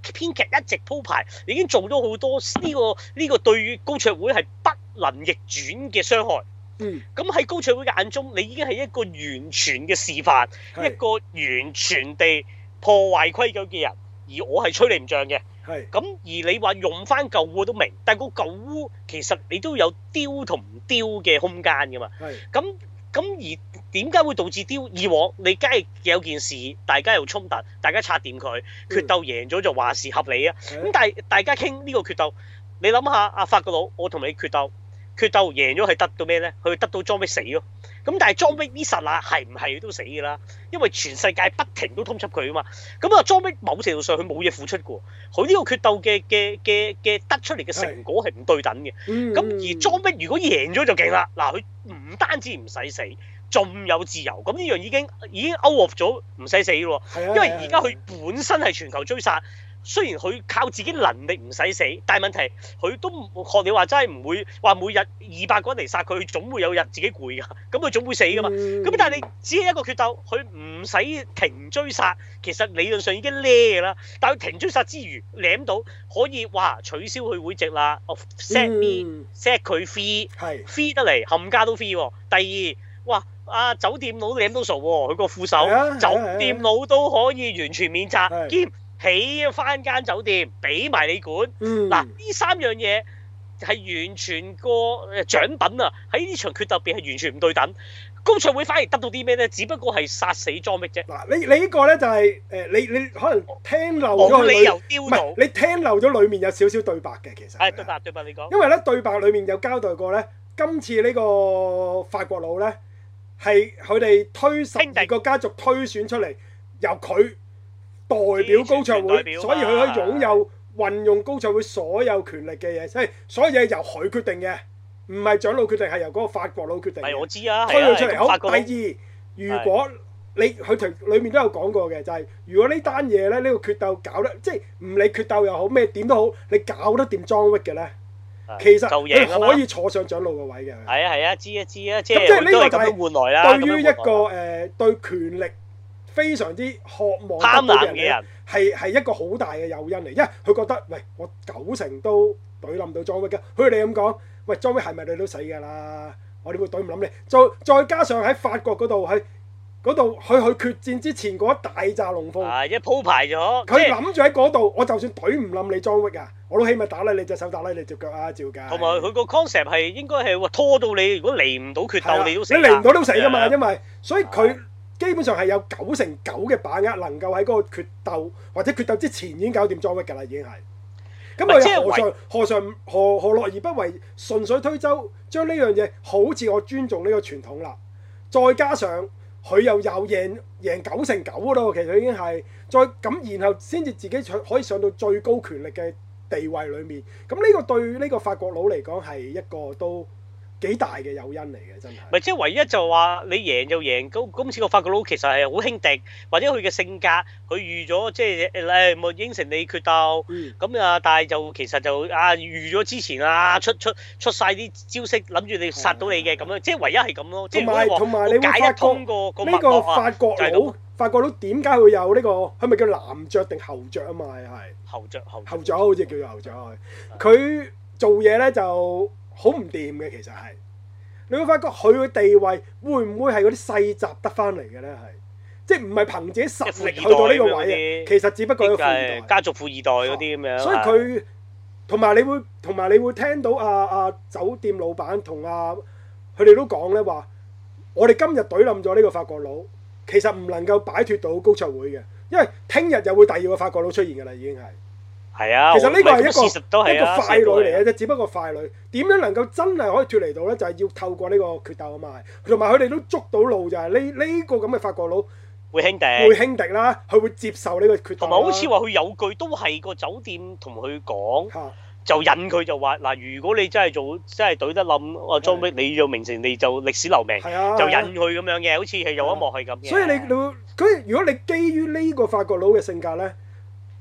S1: 編劇一直鋪排，你已經做咗好多呢、這個呢、這個對於高卓會係不能逆轉嘅傷害。嗯，咁喺高卓會嘅眼中，你已經係一個完全嘅示範，是一個完全地破壞規矩嘅人。而我係吹你唔脹嘅。係是。咁而你話用返舊污都明，但係個舊污其實你都有丟同唔丟嘅空間㗎嘛。係是。咁。咁而點解會導致啲以往，你梗係有件事大家又衝突，大家拆掂佢，決鬥贏咗就話事，合理啊！咁但係大家傾呢個決鬥，你諗下阿發個佬，我同你決鬥，決鬥贏咗係得到咩呢？佢得到裝備死咯！咁、嗯、但係 John Wick 呢神啊，係唔係都死嘅啦？因為全世界不停都通緝佢啊嘛。咁啊，John Wick 某程度上佢冇嘢付出嘅，佢呢個決鬥嘅嘅嘅嘅得出嚟嘅成果係唔對等嘅。咁、嗯、而 John Wick 如果贏咗就勁啦。嗱，佢唔單止唔使死，仲有自由。咁呢樣已經已經 over 咗唔使死喎。因為而家佢本身係全球追殺。雖然佢靠自己能力唔使死，但係問題佢都學你話真係唔會話每日二百個人嚟殺佢，總會有日自己攰㗎，咁佢總會死㗎嘛。咁但係你只係一個決鬥，佢唔使停追殺，其實理論上已經叻㗎啦。但佢停追殺之餘，攬到可以哇取消佢會籍啦，set me set 佢 free，free 得嚟冚家都 free。第二哇啊酒店佬攬到熟喎，佢個副手酒店佬都可以完全免責兼。雷 washer Ferrari ia 起翻間酒店俾埋你管，嗱呢、嗯、三樣嘢係完全個獎品啊！喺呢場決鬥入邊係完全唔對等。高唱會反而得到啲咩咧？只不過係殺死莊逼啫。嗱，
S2: 你你呢個咧就係、是、誒、呃，你你可能聽漏咗唔係你聽漏咗裡面有少少對白嘅其實係對白對白你講，因為咧對白裡面有交代過咧，今次呢個法國佬咧係佢哋推十二個家族推選出嚟，低由佢。代表高桌會，所以佢可以擁有運用高桌會所有權力嘅嘢，所以嘢由佢決定嘅，唔係長老決定，係由嗰個法國佬決定。係我知啊，推佢出嚟好。第二，如果你佢同裏面都有講過嘅，就係如果呢單嘢咧，呢個決鬥搞得即係唔理決鬥又好咩點都好，你搞得掂莊域嘅咧，
S1: 其實你可以
S2: 坐上長老個位嘅。
S1: 係啊係啊，知啊知啊。即係呢個就係對於一個
S2: 誒對權力。非常之渴望得人嘅人，係係一個好大嘅誘因嚟，因為佢覺得喂，我九成都隊冧到莊域嘅，佢哋咁講，喂，莊域係咪你都死㗎啦？我哋會隊唔冧你，再再加上喺法國嗰度，喺嗰度佢去決戰之前嗰大炸龍鳳，啊一鋪排
S1: 咗，佢諗
S2: 住喺嗰度，我就算隊唔冧你莊域啊，我都起碼打甩你隻手，打甩你隻腳啊，照㗎。同
S1: 埋佢個 concept 係應該係話拖到你，如果嚟唔到決鬥，你都死。你嚟唔到都死㗎嘛，因
S2: 為所以佢。基本上係有九成九嘅把握，能夠喺嗰個決鬥或者決鬥之前已經搞掂裝備㗎啦，已經係。
S1: 咁佢何嘗
S2: 何嘗何何樂而不為？順水推舟，將呢樣嘢好似我尊重呢個傳統啦。再加上佢又又贏贏九成九㗎啦，其實已經係。再咁然後先至自己可以上到最高權力嘅地位裏面。咁呢個對呢個法國佬嚟講係一個都。幾大嘅誘因
S1: 嚟嘅，真係唔係即係唯一就話、是、你贏就贏？咁今次個法國佬其實係好輕敵，或者佢嘅性格，佢預咗即係你誒，冇、哎、應承你決鬥咁啊。嗯、但係就其實就啊預咗之前啊出出出曬啲招式，諗住你殺到你嘅咁樣，即係唯一係咁咯。同埋同埋你會發覺呢個法
S2: 國佬法國佬點解會有呢、這個？係咪叫男爵定侯爵啊嘛？係侯爵侯侯爵好似叫做侯爵，佢、嗯、做嘢咧就。好唔掂嘅，其實係，你會發覺佢嘅地位會唔會係嗰啲世襲得翻嚟嘅呢？係，即係唔係憑自己實力去到呢個位。
S1: 其實只不過係家族富二代嗰啲咁樣。所以佢
S2: 同埋你會同埋你會聽到阿、啊、阿、啊、酒店老闆同阿佢哋都講呢：「話，我哋今日懟冧咗呢個法國佬，其實唔能夠擺脱到高桌會嘅，因為聽日又會第二個法國佬出現嘅啦，已經係。係啊，其實呢個係一個一個傀儡嚟嘅啫，只不過傀儡點樣能夠真係可以脱離到咧，就係要透過呢個決鬥啊嘛。同埋佢哋都捉到路就係呢呢個咁嘅法國佬會
S1: 輕敵，會輕
S2: 敵啦，佢會接受呢個決鬥。同埋好似話
S1: 佢有句都係個酒店同佢講，就引佢就話嗱，如果你真係做真係懟得冧啊，裝逼，你做名成，你就歷史留名，就引佢咁樣嘅，好似係有一幕係咁。所以你你
S2: 佢如果你基於呢個法國佬嘅性格咧？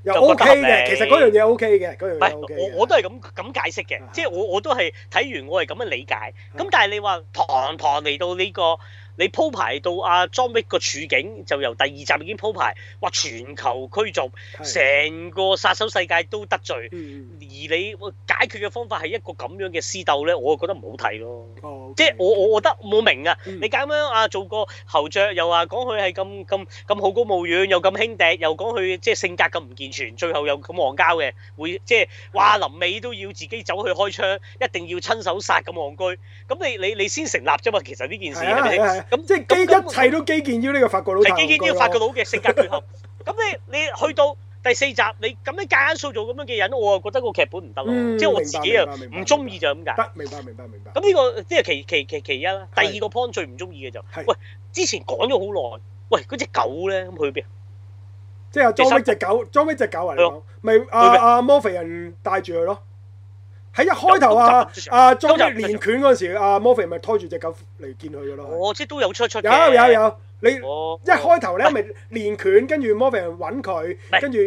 S2: 又 OK 嘅，其實嗰樣嘢 OK 嘅、OK，嗰樣嘢 OK 嘅。唔係，
S1: 我我都係咁咁解釋嘅， <noise> 即係我我都係睇完，我係咁樣理解。咁但係你話堂堂嚟到呢、呢個。你鋪排到阿 John Wick 個處境，就由第二集已經鋪排，哇！全球驅逐，成個殺手世界都得罪。的嗯、而你解決嘅方法係一個咁樣嘅私鬥咧，我覺得唔好睇咯、哦。Okay、即係我我覺得冇明啊！嗯、你咁樣啊做個後著，又話講佢係咁咁咁好高騖遠，又咁輕敵，又講佢即係性格咁唔健全，最後又咁戇交嘅，會即係哇臨尾都要自己走去開槍，一定要親手殺咁戇居。咁你你你先成立啫嘛，其實呢件事。是
S2: 咁即係基一切都基建要呢個法國佬，係基建要法國佬
S1: 嘅性格。咁你你去到第四集，你咁樣假眼做咁樣嘅人，我啊覺得個劇本唔得咯。即係我自己啊，唔中意就咁解。得，明
S2: 白明
S1: 白明白。咁呢個即係其其其其一啦。第二個 point 最唔中意嘅就，喂，之前講咗好耐。喂，嗰隻狗咧，咁去邊？
S2: 即係裝咩隻狗？裝咩隻狗嚟？咪阿阿摩肥人帶住佢咯。喺一開頭啊，阿在練拳嗰時，阿 Moffey 咪拖住隻狗嚟見佢嘅咯。
S1: 哦，即都有出出嘅。有有有，
S2: 你一開頭咧，咪練拳，跟住 Moffey 人揾佢，跟住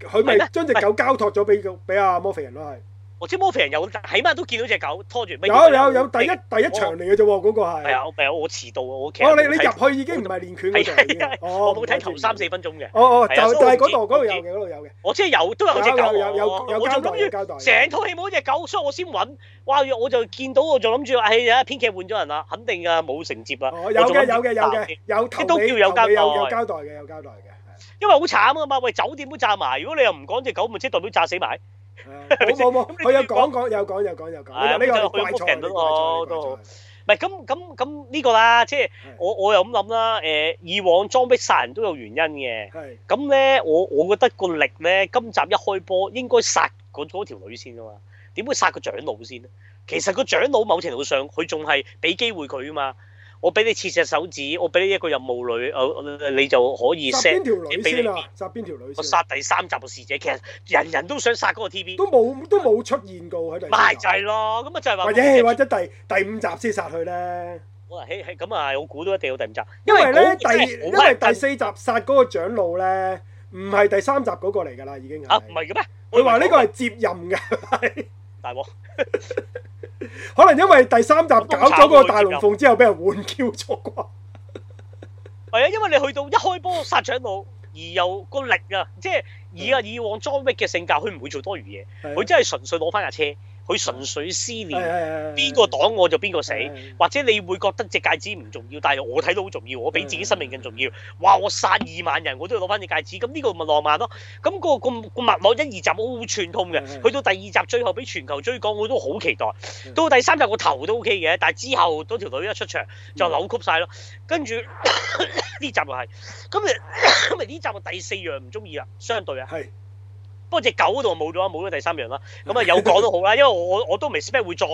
S2: 佢咪將隻狗交託咗俾俾阿 Moffey 人囉。係。
S1: 我知魔菲人有，起碼都見到隻狗拖住。有有有第一第一場嚟
S2: 嘅啫喎，嗰個係。係
S1: 啊，我遲到啊，我屋企。你入去已經唔係練拳嘅。係，我冇睇頭三四分鐘嘅。哦哦，就係嗰度，嗰度有嘅，嗰度有嘅。我知有，都有隻狗。有有有交代。成套戲冇隻狗，所以我先揾。哇！我就見到我，就諗住係啊，編劇換咗人啦，肯定㗎，冇承接啦。有嘅有嘅
S2: 有嘅，有都叫有交代，有交代嘅有交代
S1: 嘅。因為好慘啊嘛，喂，酒店都炸埋，如果你又唔講隻狗，咪即代表炸死埋。
S2: 冇冇冇，我 <laughs> 有講講 <laughs> 有講有講有講，呢個 <laughs> 怪錯都
S1: 唔係咁咁咁呢個啦，即係的我我又咁諗啦，誒、呃、以往裝逼殺人都有原因嘅，咁咧的我我覺得個力咧，今集一開波應該殺個嗰條女先啊嘛，點會殺個長老先咧？其實個長老某程度上佢仲係俾機會佢啊嘛。我俾你切隻手指，我俾你一個任務女，你就可以殺邊條女先啦，殺邊條女？我殺第三集嘅使者，其實人人都想殺嗰個 TV，
S2: 都冇都冇出現過喺度。咪就係咯，咁啊，就係話或者或者第第五集先殺佢咧。
S1: 咁啊，我估都一定要第五集。因為咧、那個，因為呢第因
S2: 為第四集殺嗰個長老咧，唔係第三集嗰個嚟㗎啦，已經啊，唔係嘅咩？佢話呢個係接任嘅，大鑊。 <laughs> <laughs> <laughs> 可能因為第三集搞咗個大龍鳳之後，俾人換 Q 咗啩？
S1: 係啊，因為你去到一開波殺掌到，而有個力啊，即係以啊以往 j o 嘅性格，佢唔會做多餘嘢，佢真係純粹攞翻架車。是啊 <laughs> 佢純粹思念，邊個擋我就邊個死。或者你會覺得隻戒指唔重要，但係我睇到好重要，我比自己生命更重要。哇！我殺二萬人，我都要攞翻隻戒指。咁呢個咪浪漫咯。咁、個個個脈絡一、二集我好串通嘅，去到第二集最後俾全球追趕，我都好期待。到第三集個頭都 OK 嘅，但係之後嗰條女一出場就扭曲晒咯。跟住呢 <laughs> 集又係，咁啊咁啊呢集第四樣唔中意啦，相對啊係。不過隻狗度冇咗冇咗第三樣啦。咁啊有講都好啦，因為我我都未 spec 會再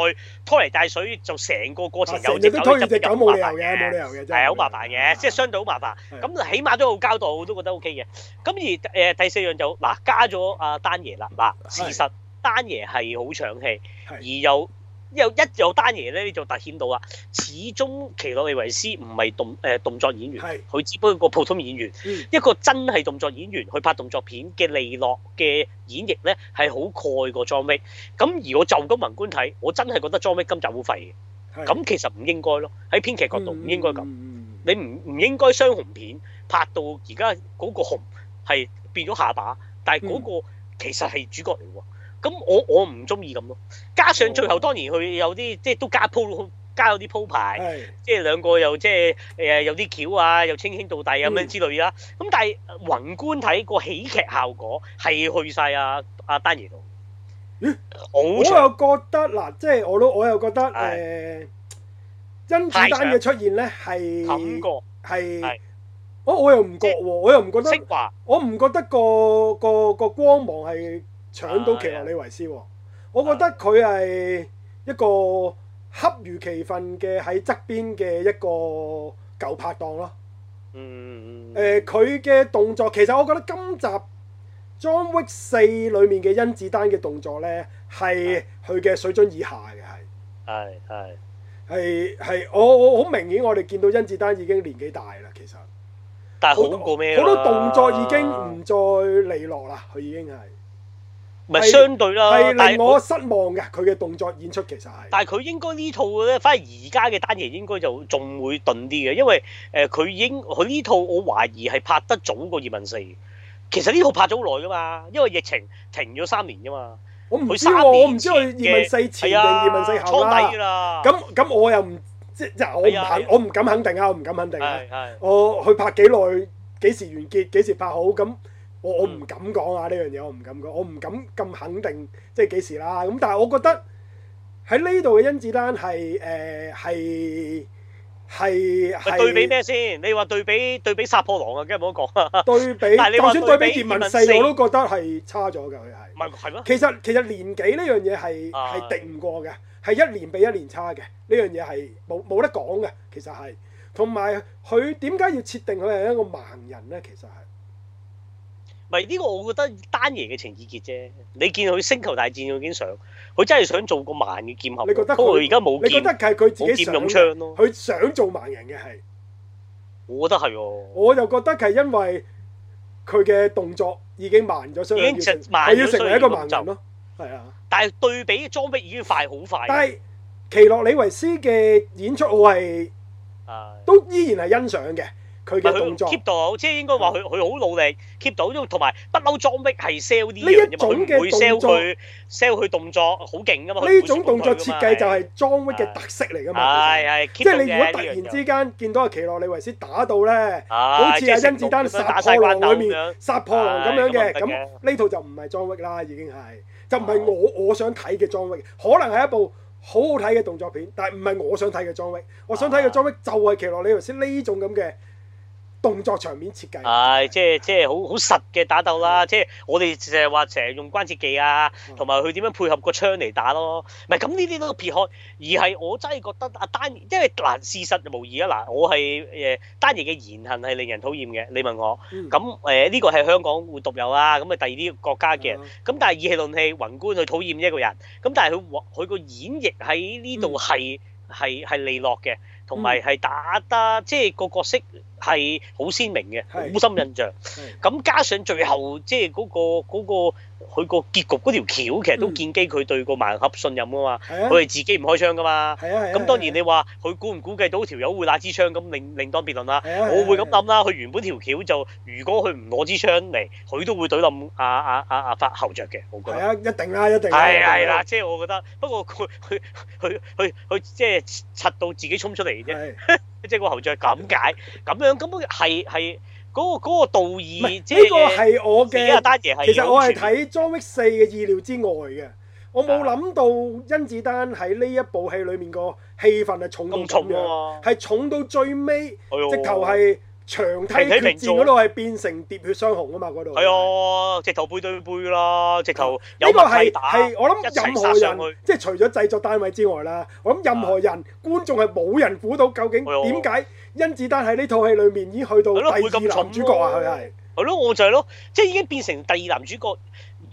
S1: 拖泥帶水，就成個過程有隻狗入唔入啊？冇理由嘅，係好麻煩嘅，即係相對好麻煩。咁起碼都有交代，我都覺得 OK 嘅。咁而誒第四樣就嗱加咗阿丹爺啦，嗱事實丹爺係好搶氣，而又。有一有單嘢咧，你就突顯到啦！始終奇洛李維斯唔係動誒、呃、動作演員，佢是只不過個普通演員。嗯、一個真係動作演員去拍動作片嘅利落嘅演繹咧，係好蓋過莊威。咁、嗯、而我就咁文觀睇，我真係覺得莊威、嗯、今集好廢嘅。咁是其實唔應該咯，喺編劇角度唔應該咁。嗯、你唔唔應該雙紅片拍到而家嗰個紅係變咗下巴，但係嗰個其實係主角嚟㗎。嗯嗯咁我我唔中意咁咯，加上最後當然佢有啲即係都加鋪，加有啲鋪排，是的 即係兩個又即係誒有啲橋啊，又稱兄道弟咁樣之類啦。咁、嗯、但係宏觀睇，個喜劇效果係去晒阿阿丹爺度。
S2: 我的我又覺得嗱，即係我都我又覺得誒甄子丹嘅出現咧係係，我我又唔覺喎，我又唔覺得，我唔覺，覺得個個個光芒係。搶到奇洛李維斯喎，啊、我覺得佢係一個恰如其分嘅喺側邊嘅一個舊拍檔咯。嗯，誒佢嘅動作其實我覺得今集《John Wick 四》裏面嘅甄子丹嘅動作咧係佢嘅水準以下嘅，係係係係係我我好明顯我哋見到甄子丹已經年紀大啦，其實
S1: 但係好過咩好多動作已經唔
S2: 再利落啦，佢已經係。
S1: 咪相對啦，但係我失
S2: 望嘅佢嘅動作演出其實係。
S1: 但係佢應該呢套咧，反而而家嘅單嘢應該就仲會頓啲嘅，因為誒佢已經佢呢套我懷疑係拍得早過葉問四。
S2: 其實呢套
S1: 拍咗好耐㗎嘛，因為疫情停咗三年㗎嘛。
S2: 我唔知喎，我唔知佢葉問四前定葉問四後啦。咁咁我又唔即係我唔肯，哎、呀我唔敢肯定啊，我唔敢肯定啊。哎、呀我去拍幾耐？幾時完結？幾時拍好？咁？我我唔敢講啊！呢樣嘢我唔敢講，我唔敢咁肯定，即係幾時啦？咁但係我覺得喺呢度嘅甄子丹係誒係係係對比咩
S1: 先？你話對比對比殺破狼啊，梗係冇得講啊！對比，但係你話對比葉問四，我都覺
S2: 得係差咗㗎。佢係咪係咯？其實其實年紀呢樣嘢係係敵唔過嘅，係、啊、一年比一年差嘅。呢樣嘢係冇冇得講嘅。其實係同埋佢點解要設定佢係一個盲人咧？其實係。
S1: 唔係呢個我覺得丹爺嘅情意結啫，你見佢星球大戰已經上，佢真係想做個盲嘅劍俠。你覺得佢而家冇你得劍，冇劍用槍咯？佢想做
S2: 盲人嘅係，
S1: 我覺得係喎、
S2: 啊。我就覺得係因為佢嘅動作已經慢咗，所以已經慢，要成為一個盲人咯。係
S1: 啊，但係對比裝逼已經快好快。但係
S2: 奇洛李維斯嘅演出，我係都依然係欣賞嘅。佢嘅動作 keep
S1: 到，即係應該話佢佢好努力 keep 到，同埋不嬲裝逼係 sell 啲呢一種嘅 e l l sell 佢動作好勁噶嘛？呢種動作設計就係
S2: 裝逼嘅特色嚟噶嘛？即係、哎、你如果突然之間見到阿奇洛李維斯打到咧，哎、好似阿甄子丹殺破狼裡面殺破狼咁樣嘅，咁呢、哎、套就唔係裝逼啦，已經係就唔係我、啊、我想睇嘅裝逼，可能係一部好好睇嘅動作片，但係唔係我想睇嘅裝逼，啊、我想睇嘅裝逼就係奇洛李維斯呢種咁嘅。動作
S1: 場面設計係即係即係好好實嘅打鬥啦，即係、嗯、我哋就係話成日用關節技啊，同埋佢點樣配合個槍嚟打咯。唔係咁呢啲都撇開，而係我真係覺得阿丹，因為嗱事實無疑啊，嗱我係誒丹尼嘅言行係令人討厭嘅。你問我咁誒呢個係香港會獨有啦。咁啊第二啲國家嘅，咁、嗯、但係以戲論戲，宏觀去討厭一個人。咁但係佢佢個演繹喺呢度係係係利落嘅，同埋係打得即係個角色。係好鮮明嘅，好深印象。咁加上最後即係嗰個嗰個佢個結局嗰條橋，其實都建基佢對個盲盒信任噶嘛。佢係自己唔開槍噶嘛。咁當然你話佢估唔估計到條友會攞支槍咁，另另當別論啦。我會咁諗啦。佢原本條橋就，如果佢唔攞支槍嚟，佢都會懟冧阿阿阿阿發後着嘅。我覺得一定啦，一定。係係啦，即係我覺得，不過佢佢佢佢佢即係拆到自己衝出嚟啫。即係、那個猴將咁解，咁樣根本係係嗰個個道義，呢個係
S2: 我嘅。其實我係睇《John Wick 4》嘅意料之外嘅，我冇諗到甄子丹喺呢一部戲裏面個戲份係重咁重，係重，啊、重到最尾，哎、呦 直頭係。長梯決戰嗰度係變成喋血雙雄啊嘛，嗰度係啊，
S1: 直頭背對背啦，直頭一齊打，我諗任何人，
S2: 即係除咗製作單位之外啦，我諗任何人、啊、觀眾係冇人估到究竟點解甄子丹喺呢套戲裏面已去到第二、啊啊、男主角啊，佢係
S1: 係咯，我就係咯，即係已經變成第二男主角。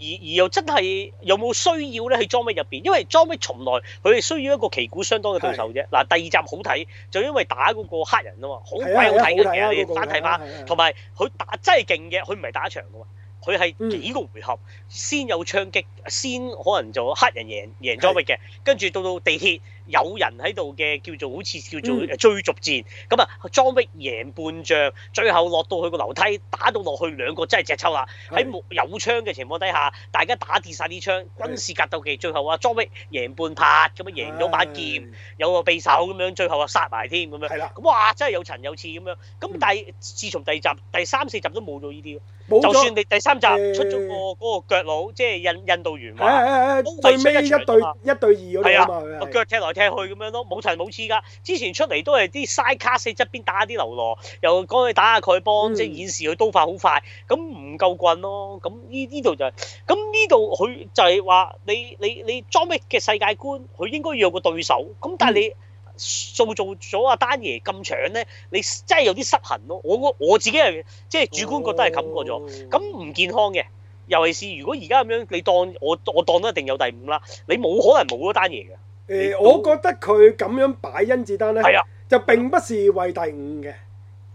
S1: 而而又真係有冇需要咧？喺 John Wick 入邊，因為 John Wick 從來佢哋需要一個旗鼓相當嘅對手啫。嗱的，第二集好睇就因為打嗰個黑人啊嘛，好鬼好睇嘅。打替馬同埋佢打真係勁嘅，佢唔係打一場嘅，佢係幾個回合、嗯、先有槍擊，先可能就黑人贏贏 John Wick 嘅。的跟住到到地鐵。有人喺度嘅叫做好似叫做追逐戰，咁啊、嗯，裝逼贏半仗，最後落到去個樓梯打到落去兩個真係隻抽啦。喺冇是的 有槍嘅情況底下，大家打跌晒啲槍，是的 軍事格鬥技最後啊，裝逼贏半拍咁樣贏咗把劍，是的 有個匕首咁樣，最後啊殺，殺埋添咁樣。係啦是的，咁哇真係有層有刺咁樣。咁但係自從第二集第三四集都冇咗呢啲。就算你第三集出咗個嗰個腳佬，欸、即係印印度員話，啊、
S2: 最尾一對，一,一，對一對二嗰啲嘛，的的
S1: 腳踢來踢去咁樣咯，冇齊冇刺噶。之前出嚟都係啲 side cast 側邊打啲流羅，又講佢打下丐幫，嗯、即係演示佢刀法好快，咁唔夠棍咯。咁呢呢度就係咁呢度，佢就係話你你你 z o 嘅世界觀，佢應該要有個對手。咁但係你。嗯塑造咗阿丹爺咁長咧，你真係有啲失衡咯。我我自己係即係主觀覺得係冚過咗，咁唔健康嘅。尤其是如果而家咁樣，你當我我當都一定有第五啦。你冇可能冇咗丹嘢嘅。誒，
S2: 我覺得佢咁樣擺甄子丹咧，係啊，就並不是為第五嘅，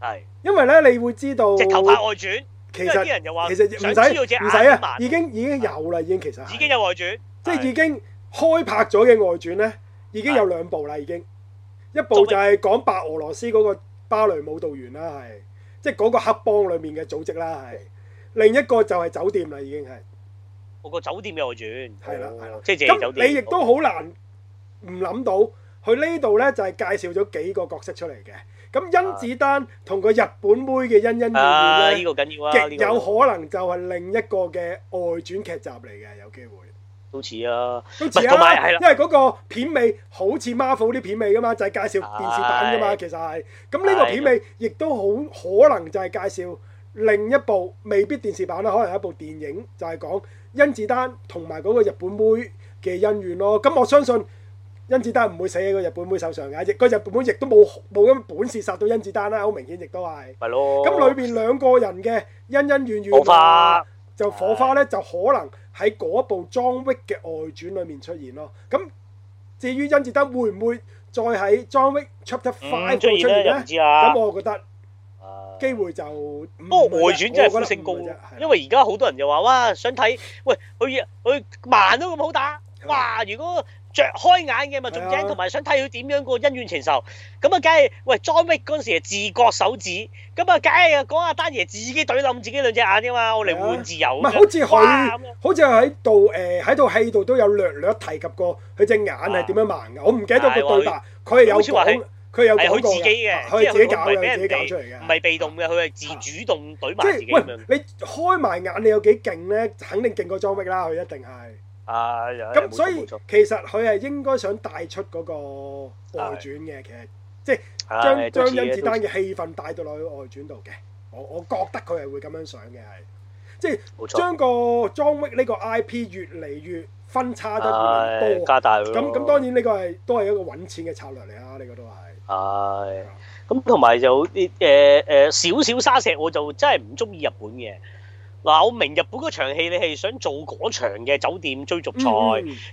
S2: 係，因為咧，你會知道。直頭拍外傳，啲人又話，其實其實唔使唔使啊，已經已經有啦，已經其實已經有外傳，即係已經開拍咗嘅外傳咧，已經有兩部啦，已經。一部就係講白俄羅斯嗰個芭蕾舞蹈員啦，係即係嗰個黑幫裡面嘅組織啦，係另一個就係酒店啦，已經係。
S1: 我個酒店嘅外傳，係啦係啦，哦、的即係酒店。你亦都好
S2: 難唔諗到，佢呢度呢，就係介紹咗幾個角色出嚟嘅。咁甄子丹同個日本妹嘅恩恩怨怨咧，呢、啊呢
S1: 個緊要啊！極有可
S2: 能就係另一個嘅外傳劇集嚟嘅，有機會。都似啊，都似啊，因為嗰個片尾好似 Marvel 啲片尾噶嘛，就係介紹電視版噶嘛，其實係。咁呢個片尾亦都好可能就係介紹另一部未必電視版啦，可能係一部電影就係講甄子丹同埋嗰個日本妹嘅恩怨咯。咁我相信甄子丹唔會死喺個日本妹手上噶，亦個日本妹亦都冇冇咁本事殺到甄子丹啦，好明顯亦都係。係咯。咁裏邊兩個人嘅恩恩怨怨就火花，就火花咧就可能。喺嗰部 John Wick 嘅外傳裏面出現咯。咁至於甄子丹會唔會再喺、嗯 John Wick chapter five 出面咧？咁我覺得、嗯，誒機會就不過外傳真係會升高，因為
S1: 而家好多人又話，哇，想睇，喂，佢佢慢都咁好打，哇！如果着開眼嘅嘛，仲想同埋想睇佢點樣個恩怨情仇，咁啊，梗係喂 John Wick 嗰陣時自割手指，咁啊，梗係講阿丹爺自己懟冧自己兩隻眼啫嘛，我嚟換自由。唔係好似佢，
S2: 好似喺度誒喺度戲度都有略略提及過佢隻眼係點樣盲嘅，我唔記得到個對白。佢係有好似話佢，佢有佢自己嘅，佢自己搞，唔係俾人搞出嚟嘅，
S1: 唔係被動嘅，佢係自主動懟埋自己。即係
S2: 你開埋眼，你有幾勁咧？肯定勁過 John Wick 啦，佢一定係。啊，咁所以其實佢係應該想帶出嗰個外傳嘅，其實即係將將甄子丹嘅氣氛帶到落去外傳度嘅。我我覺得佢係會咁樣想嘅，係即係將個《裝逼》呢個 IP 越嚟越分叉得多，加大。咁咁當然呢個係都係一個揾錢嘅策略嚟啦。呢個都係。
S1: 係。咁同埋就啲誒誒少少沙石，我就真係唔中意日本嘅。嗱，我明日本嗰場戲你係想做嗰場嘅酒店追逐賽，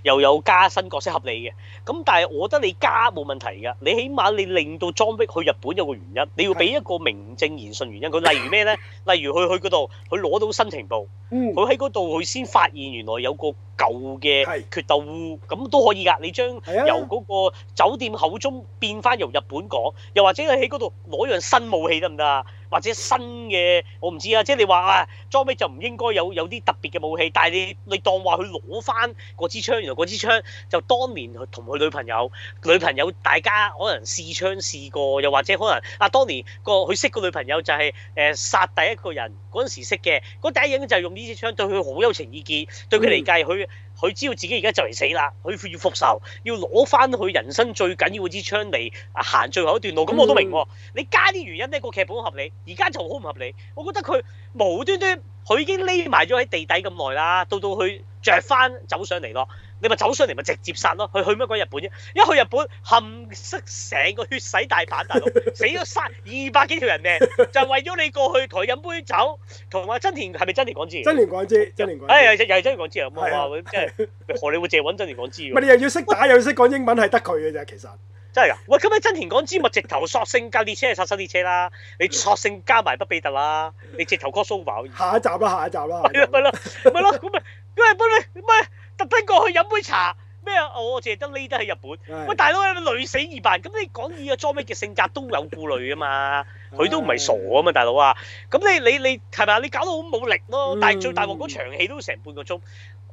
S1: 又有加新角色合理嘅。咁但係我覺得你加冇問題㗎，你起碼你令到裝逼去日本有個原因，你要俾一個名正言順原因。佢例如咩呢？例如去去嗰度，佢攞到新情報，佢喺嗰度佢先發現原來有個。舊嘅決鬥咁都可以㗎，你將由嗰個酒店口中變翻由日本講，又或者你喺嗰度攞樣新武器得唔得啊？或者新嘅我唔知啊，即係你話啊，裝備就唔應該有有啲特別嘅武器，但係你你當話佢攞翻嗰支槍，原來嗰支槍就當年同佢女朋友女朋友大家可能試槍試過，又或者可能啊當年、那個佢識個女朋友就係、是、誒、呃、殺第一個人嗰陣時識嘅，嗰、那個、第一影就係用呢支槍對佢好有情意結，對佢嚟計佢。嗯佢知道自己而家就嚟死啦，佢要復仇，要攞翻佢人生最緊要支槍嚟行最後一段路。咁我都明喎。你加啲原因咧，個劇本合理，而家就好唔合理。我覺得佢無端端，佢已經匿埋咗喺地底咁耐啦，到到佢着翻走上嚟咯。你咪走上嚟咪直接殺咯！去去乜鬼日本啫？一去日本，含失成個血洗大阪大佬，死咗殺二百幾條人命，就為咗你過去同佢飲杯酒同話真田係咪真田廣之？真田
S2: 廣之？真
S1: 田廣哎呀又又係真田廣之啊！唔好話佢，即係何你會借揾真田廣之？唔係你又
S2: 要識打又要識講英文係得佢嘅啫，其實
S1: 真係噶。喂，咁你真田廣之咪直頭索性架列車去殺新列車啦！你索性加埋不比特啦！你直頭 coser 可以。下一集啦，下一集啦。係啦，咪啦，咪啦，咁咪喂，不你唔係。特登過去飲杯茶咩啊？我淨係得呢得喺日本。的喂，大佬，你累死二扮咁你講嘢啊，裝咩嘅性格都有顧慮啊嘛。佢的都唔係傻啊嘛，大佬啊。咁你你你係咪你搞到好冇力咯。嗯、但係最大鑊嗰場戲都成半個鐘。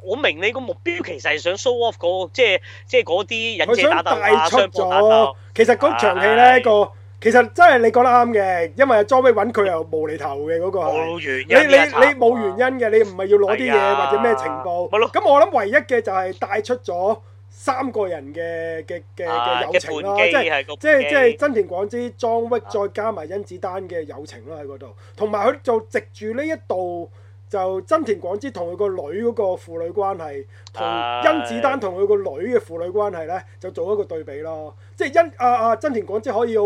S1: 我明你個目標其實係想 show off、嗰個，即係即係嗰啲忍者打鬥啊，雙方打
S2: 鬥。其實嗰場戲咧個。其實真係你講得啱嘅，因為 John Wick 揾佢又無厘頭嘅嗰個係，你你你冇原因嘅，啊、你唔係要攞啲嘢或者咩情報。咁我諗唯一嘅就係帶出咗三個人嘅嘅嘅嘅友情咯、啊，即係即係即係真田廣之、John Wick 再加埋甄子丹嘅友情咯喺嗰度，同埋佢就藉住呢一度就真田廣之同佢個女嗰個父女關係，同甄子丹同佢個女嘅父女關係咧，就做一個對比咯。即係甄阿阿真田廣之可以好。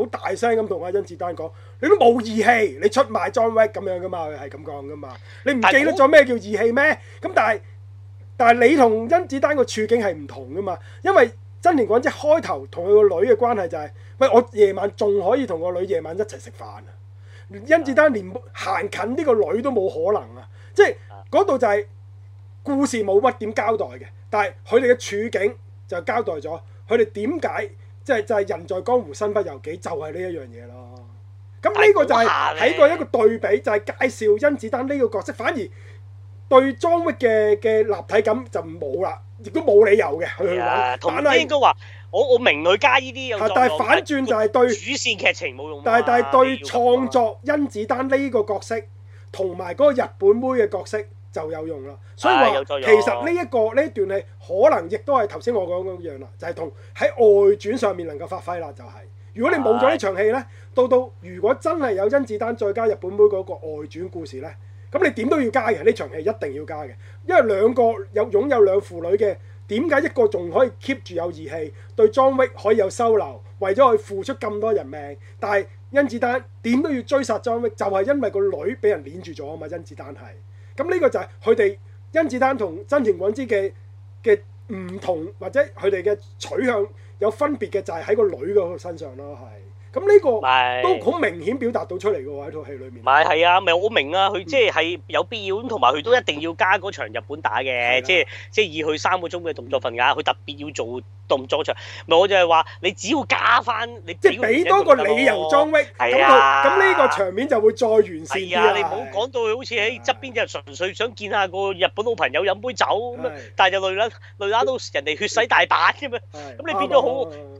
S2: 好大聲咁同阿甄子丹講：你都冇義氣，你出賣 John Wick 咁樣噶嘛？佢係咁講噶嘛？你唔記得咗咩叫義氣咩？咁但係，但係你同甄子丹個處境係唔同噶嘛？因為甄連講即係開頭同佢個女嘅關係就係、是：喂，我夜晚仲可以同個女夜晚一齊食飯啊！甄、嗯、子丹連行近呢個女都冇可能啊！即係嗰度就係故事冇乜點交代嘅，但係佢哋嘅處境就交代咗佢哋點解。就就係人在江湖身不由己，就係呢一樣嘢咯。咁呢個就係喺個一個對比，就係介紹甄子丹呢個角色，反而對莊威嘅嘅立體感就冇啦，亦都冇理由嘅去去揾。但係應該話我我明女加呢啲，但係反轉就係對主線劇情冇用但，但係對創作甄子丹呢個角色同埋嗰個日本妹嘅角色。就有用啦，所以話、哎、其實呢、這個啊、一個呢段戲可能亦都係頭先我講嗰樣啦，就係同喺外傳上面能夠發揮啦。就係、是、如果你冇咗呢場戲呢，哎、到到如果真係有甄子丹再加日本妹嗰個外傳故事呢，咁你點都要加嘅呢場戲一定要加嘅，因為兩個有，有擁有兩父女嘅，點解一個仲可以 keep 住有義氣，對莊威可以有收留，為咗佢付出咁多人命，但係甄子丹點都要追殺莊威，就係因為個女俾人捏住咗啊嘛，甄子丹係。咁呢個就係佢哋甄子丹同真田廣之嘅嘅唔同，或者佢哋嘅取向有分別嘅，就係喺個女嘅身上咯，係。咁呢個都好明顯表達到出嚟嘅喎，喺
S1: 套戲裏面，咪係啊，咪我明啊，佢即係有必要咁，同埋佢都一定要加嗰場日本打嘅，即係即係以佢三個鐘嘅動作份噶、啊，佢特別要做動作場。咪我就係話你只要加翻你作作，即係俾多個理由裝逼。係啊，咁呢個
S2: 場面就會再完善啲啊！你唔好
S1: 講到好似喺側邊就純粹想見下個日本老朋友飲杯酒咁樣，的但係就累啦累啦到人哋血洗大阪咁樣，咁的的你變咗好。嗯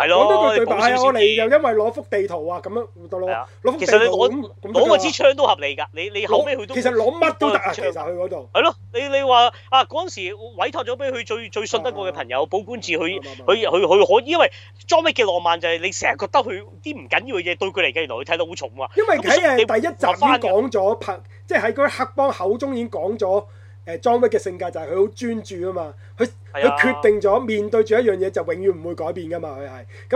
S1: 係咯，係我哋又
S2: 因為攞幅地圖啊，咁樣哆啦，攞幅地圖咁，攞一支槍都
S1: 合理㗎。你你後尾佢都，其實攞乜都得啊，其實
S2: 佢嗰度係咯，你
S1: 你話啊，嗰陣時委託咗俾佢最最信得過嘅朋友保管住佢，佢佢佢可，因為 John Wick 嘅浪漫就係你成日覺得佢啲唔緊要嘅嘢對佢嚟嘅。原來佢睇到好重啊，
S2: 因為喺誒第一集已經講咗拍，即係喺嗰黑幫口中已經講咗誒 John Wick 嘅性格就係佢好專注啊嘛，佢。佢決定咗面對住一樣嘢就永遠唔會改變噶嘛，佢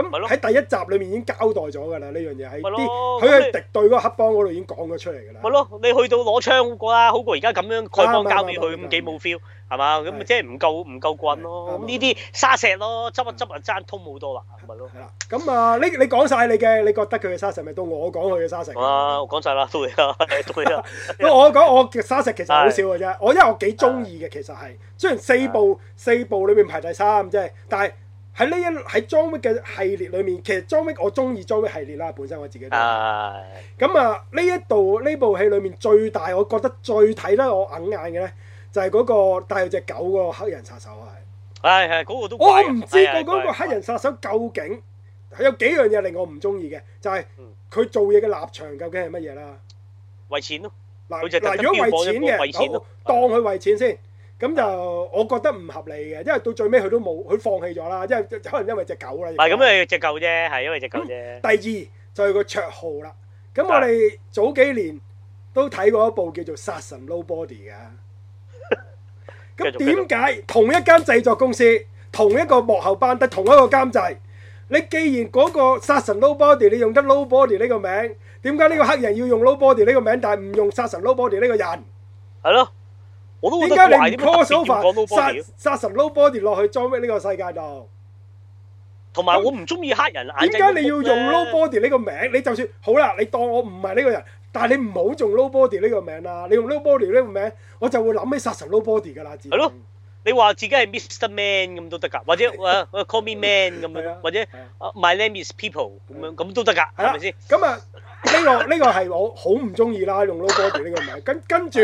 S2: 係咁喺第一集裡面已經交代咗噶啦，呢樣嘢喺啲佢係敵對嗰個黑幫嗰度已經講咗出嚟噶啦。
S1: 咪咯，你去到攞槍好過啦，好過而家咁樣丐幫交俾佢咁幾冇 feel 係嘛？咁即係唔夠唔夠棍咯。咁呢啲沙石咯，執啊執啊爭通
S2: 好多啦，咪咯。咁啊，你你講晒你嘅，你覺得佢嘅沙石咪到我講佢嘅沙石。啊，
S1: 我講晒啦，到你啦，
S2: 到你啦。我講我嘅沙石其實好少嘅啫，我因為我幾中意嘅其實係雖然四部四部裏面排第三啫，但係喺呢一喺《John Wick 嘅系列裏面，其實《John Wick 我中意《John Wick 系列啦，本身我自己都係咁啊，呢、哎、一度呢部戲裏面最大，我覺得最睇得我眼眼嘅咧，就係、是、嗰個帶住隻狗嗰、哎哎那個、個，個黑人殺手啊，係
S1: 係嗰個都我唔知個嗰個黑
S2: 人殺手究竟有幾樣嘢令我唔中意嘅，就係、是、佢做嘢嘅立場究竟係乜嘢啦？
S1: 為錢咯，嗱、啊，如果為錢嘅，
S2: 當佢為錢先。咁就我覺得唔合理嘅，因為到最尾佢都冇佢放棄咗啦，因為可能因為隻狗啦。唔
S1: 係咁，係隻狗啫，係因為隻狗啫。第
S2: 二就係、是、個綽號啦。咁我哋早幾年都睇過一部叫做《殺神 Nobody》㗎。咁點解同一間製作公司、同一個幕後班底同一個監製，你既然嗰個殺神 Nobody，你用得 Nobody 呢個名，點解呢個黑人要用 Nobody 呢個名，但係唔用殺神 Nobody 呢個人？係咯。點解你 call 手法殺殺神 low body 落去裝喺呢個世界度？
S1: 同埋我唔中意黑
S2: 人。點解你要用 low body 呢個名？你就算好啦，你當我唔係呢個人，但係你唔好用 low body 呢個名啦。你用 low body 呢個名，我就會諗起殺神 low body 噶啦。係咯，
S1: 你話自己係 Mr. Man 咁都得噶，或者 call me man 咁樣，或者 my name is people 咁樣，咁都得噶，
S2: 係咪先？咁啊，呢個呢個係我好唔中意啦，用 low body 呢個名。跟跟住。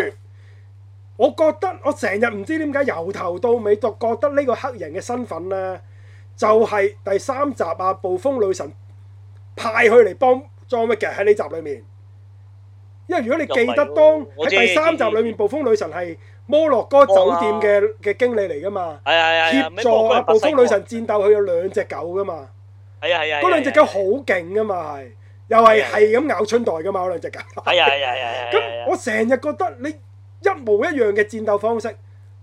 S2: 我覺得我成日唔知點解，由頭到尾都覺得呢個黑人嘅身份呢，就係、是、第三集啊，暴風女神派佢嚟幫 John Wick 嘅喺呢集裏面。因為如果你記得，當喺第三集裏面，暴風女神係摩洛哥酒店嘅嘅訣經理嚟噶嘛，協助暴風女神戰鬥，佢有兩隻狗噶嘛，嗰兩隻狗好勁噶嘛，哎哎、又係係咁咬春袋噶嘛，嗰兩隻狗、哎呀，係啊係啊係啊，咁、哎、我成日覺得你。一模一樣嘅戰鬥方式，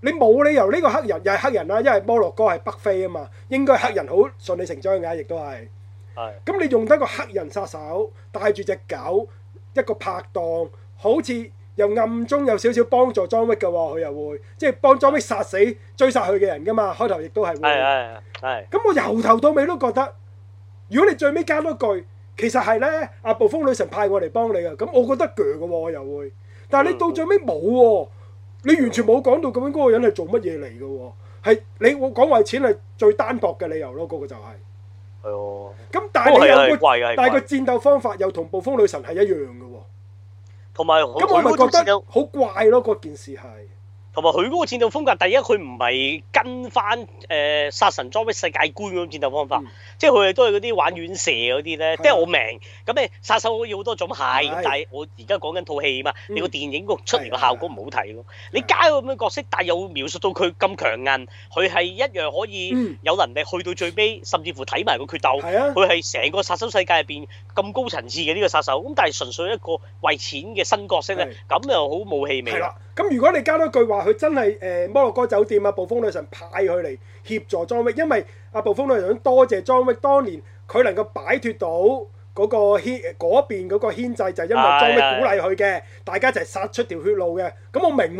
S2: 你冇理由呢個黑人又係黑人啦，因為摩洛哥係北非啊嘛，應該黑人好順理成章嘅，亦都係。係。咁你用得個黑人殺手，帶住隻狗，一個拍檔，好似又暗中有少少幫助 John Wick 嘅喎，佢又會即係幫 John Wick 殺死追殺佢嘅人噶嘛，開頭亦都係。係
S1: 係。
S2: 咁我由頭到尾都覺得，如果你最尾加多句，其實係呢，阿暴風女神派我嚟幫你嘅，咁我覺得攰嘅喎，又會。但係你到最尾冇喎，你完全冇講到究竟嗰個人係做乜嘢嚟嘅喎？係你我講為錢係最單薄嘅理由咯、啊，嗰、嗰個就係、係。係喎、哎呦。咁但係你有冇？哦、但係個戰鬥方法又同暴風女神係一樣嘅喎、
S1: 啊。同埋。咁我就覺得
S2: 好怪咯，嗰件事係。
S1: 同埋佢嗰個戰鬥風格，第一佢唔係跟翻誒殺神裝備世界觀嗰種戰鬥方法，即係佢哋都係嗰啲玩遠射嗰啲咧，即係我明，咁誒殺手，好似有好多種，係，但係我而家講緊套戲啊嘛，你個電影個出嚟個效果唔好睇咯。你加咗咁嘅角色，但係又描述到佢咁強硬，佢係一樣可以有能力去到最尾，甚至乎睇埋個決鬥。佢係成個殺手世界入邊咁高層次嘅呢個殺手，咁但係純粹一個為錢嘅新角色咧，咁又好冇氣味咯。
S2: 咁如果你加多一句話，佢真係誒摩洛哥酒店啊，暴風女神派佢嚟協助莊威，因為阿暴風女神多謝莊威，當年佢能夠擺脫到嗰個牽嗰邊嗰個牽制，就係因為莊威鼓勵佢嘅。大家就係殺出條血路嘅。咁我明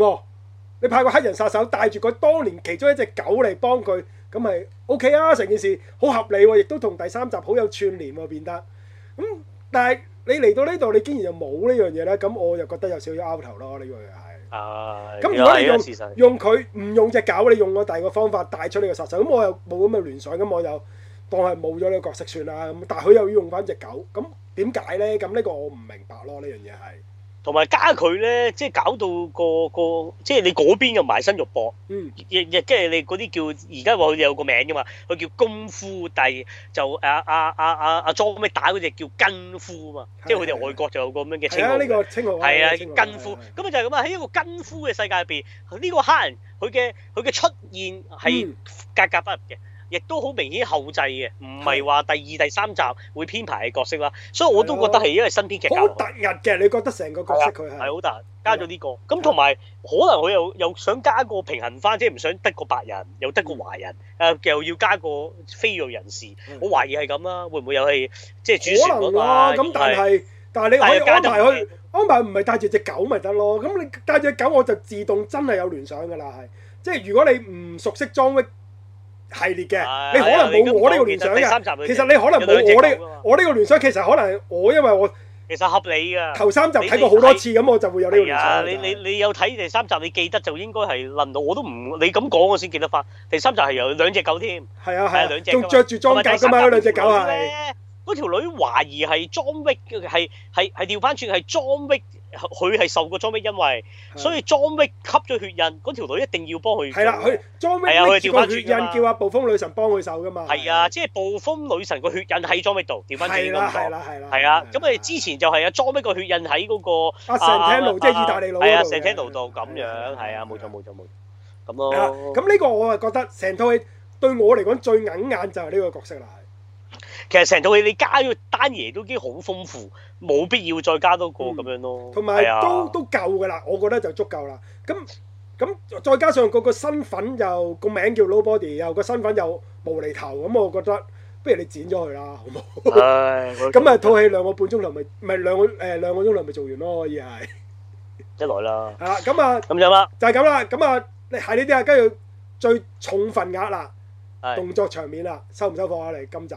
S2: 你派個黑人殺手帶住個當年其中一隻狗嚟幫佢，咁咪 OK 啊，成件事好合理，亦都同第三集好有串聯喎變得咁。但係你嚟到呢度，你竟然又冇呢樣嘢咧，咁我就覺得有少少拗頭咯。呢個係。咁、啊、如果你用用佢唔用隻狗，你用我第二個方法帶出你個殺手，咁我又冇咁嘅聯想，咁我又當係冇咗呢個角色算啦。咁但係佢又要用翻隻狗，咁點解呢？咁呢個我唔明白咯。呢樣嘢係。
S1: 同埋加佢咧，即係搞到個個，即係你嗰邊又埋身肉搏，亦亦、嗯、即係你嗰啲叫而家話佢哋有個名噶嘛，佢叫功夫第二，就誒誒誒誒阿莊咩打嗰隻叫根夫嘛，的即係佢哋外國就有個咁樣嘅稱號。係啊，呢、呢個稱號係啊，根夫。咁啊、嗯、就係咁啊，喺一個根夫嘅世界入邊，呢、呢個黑人佢嘅佢嘅出現係格格不入嘅。嗯亦都好明顯後製嘅，唔係話第二、第三集會編排嘅角色啦，所以我都覺得係因為新編劇好突兀嘅，你覺得成個角色佢係好突，加咗呢、呢個咁同埋可能佢又又想加一個平衡翻，即係唔想得個白人又得個華人，誒、嗯、又要加個非裔人士，嗯、我懷疑係咁啦，會唔會又係即係主旋律嗰咁？但係
S2: 為但係你我我安排佢安排唔係帶住隻狗咪得咯？咁你帶住隻狗我就自動真係有聯想㗎啦，係即係如果你唔熟悉裝系列嘅，你可能冇我呢個聯想嘅。其實你可能冇我呢，我呢個聯想其實可能係我，因為我
S1: 其實合理嘅。頭三集睇
S2: 過好多次，咁我就會有呢個聯想。你
S1: 你你有睇第三集？你記得就應該係諗到。我都唔你咁講，我先記得翻。第三集係有兩隻狗添，係啊，係兩隻，仲着住裝甲㗎嘛？兩隻狗啊，嗰條女懷疑係裝逼，係，係，係，調翻轉係裝逼。佢係受過 John Wick，因為所以 John Wick 吸咗血印，嗰條女一定要幫佢。係啦，佢 John Wick，佢調返血印，叫
S2: 阿暴風女神幫佢受噶嘛。係
S1: 啊，即係暴風女神個血印喺 John Wick 度，調翻轉咁講。係啦，係啦，係啊，咁誒之前就係啊，John Wick 個血印喺嗰個阿神聽路，即係意大利佬嗰度。係啊，成聽路度咁樣，係啊，冇錯冇錯冇錯，咁咯。咁
S2: 呢個我係覺得成套戲對我嚟講最揞眼就係呢個角色啦。
S1: 其實成套戲你加咗單嘢都已經好豐富。冇必要再加多個咁、嗯、樣咯，同埋有、哎、呀 都
S2: 都夠噶啦，我覺得就足夠啦。咁咁再加上個個身份又個名叫 Nobody 又個身份又無厘頭，咁我覺得不如你剪咗佢啦，好唔好？咁啊套戲兩個半鐘頭咪咪兩誒兩個鐘、呃、頭咪做完咯，可以 <laughs> 係一耐來啦。係啦，咁啊咁就咁啦，就係咁啦。咁啊，係呢啲啊，跟住最重份額啦，是的 動作場面啦，收唔收貨啊你？你今集？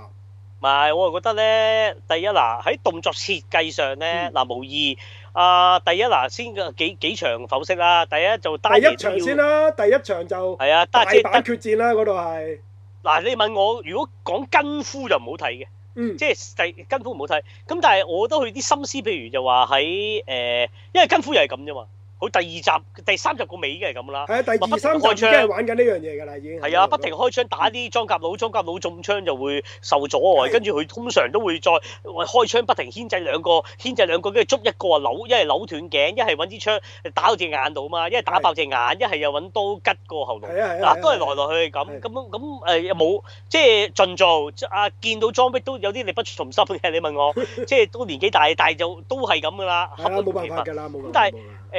S1: 唔係，我係覺得咧，第一嗱喺動作設計上咧，嗱、嗯、無意。啊，第一嗱先幾幾場剖析啦，第一就單第一場先啦，
S2: 第一場就
S1: 大打決
S2: 戰啦嗰度係。嗱、啊就是，你問我如果講根
S1: 夫就唔好睇嘅，嗯、即係第根夫唔好睇。咁但係我都去啲心思，譬如就話喺誒，因為根夫又係咁啫嘛。好第二集、第三集個尾已經係咁啦。第二、三開槍，即係玩
S2: 緊呢樣嘢㗎啦，已經，已
S1: 經。係啊，不停開槍打啲裝甲佬，裝甲佬中槍就會受阻礙。是的 跟住佢通常都會再開槍不停牽制兩個，牽制兩個，跟住捉一個啊，扭一係扭斷頸，一係揾支槍打到隻眼度嘛，一係打爆隻眼，一係又揾刀吉個喉嚨。嗱是的 都係來來去去咁，咁咁誒冇，即係盡做。阿見到裝備都有啲力不從心嘅。你問我， <laughs> 即係都年紀大，但係就都係咁㗎啦，
S2: 冇辦法㗎啦，冇辦法。
S1: 誒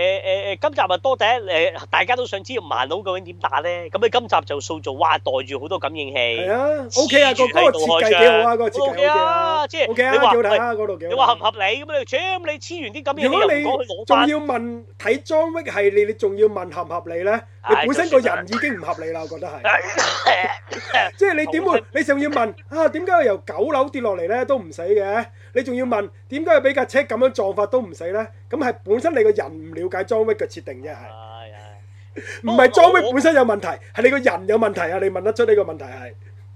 S1: 誒誒，今集又多第一誒，大家都想知盲佬究竟點打咧？咁你今集就塑造，哇，袋住好多感應器。
S2: 係啊，O K 啊，個設計幾好啊，個設計。O K 啊，即係你話幾好睇啊，嗰度幾好。你話合
S1: 唔合理咁啊？你 jump，你黐完啲感應器講佢攞翻。如果你仲要
S2: 問睇裝域系列，你仲要問合唔合理咧？你本身個人已經唔合理啦，我覺得係。係。即係你點會？你仲要問啊？點解由九樓跌落嚟咧都唔死嘅？你仲要問點解俾架車咁樣撞法都唔死咧？咁係本身你個人唔了解 John Wick 嘅設定啫，係、啊，唔係 John Wick 本身有問題，係你個人有問題啊！你問得出呢個問題係，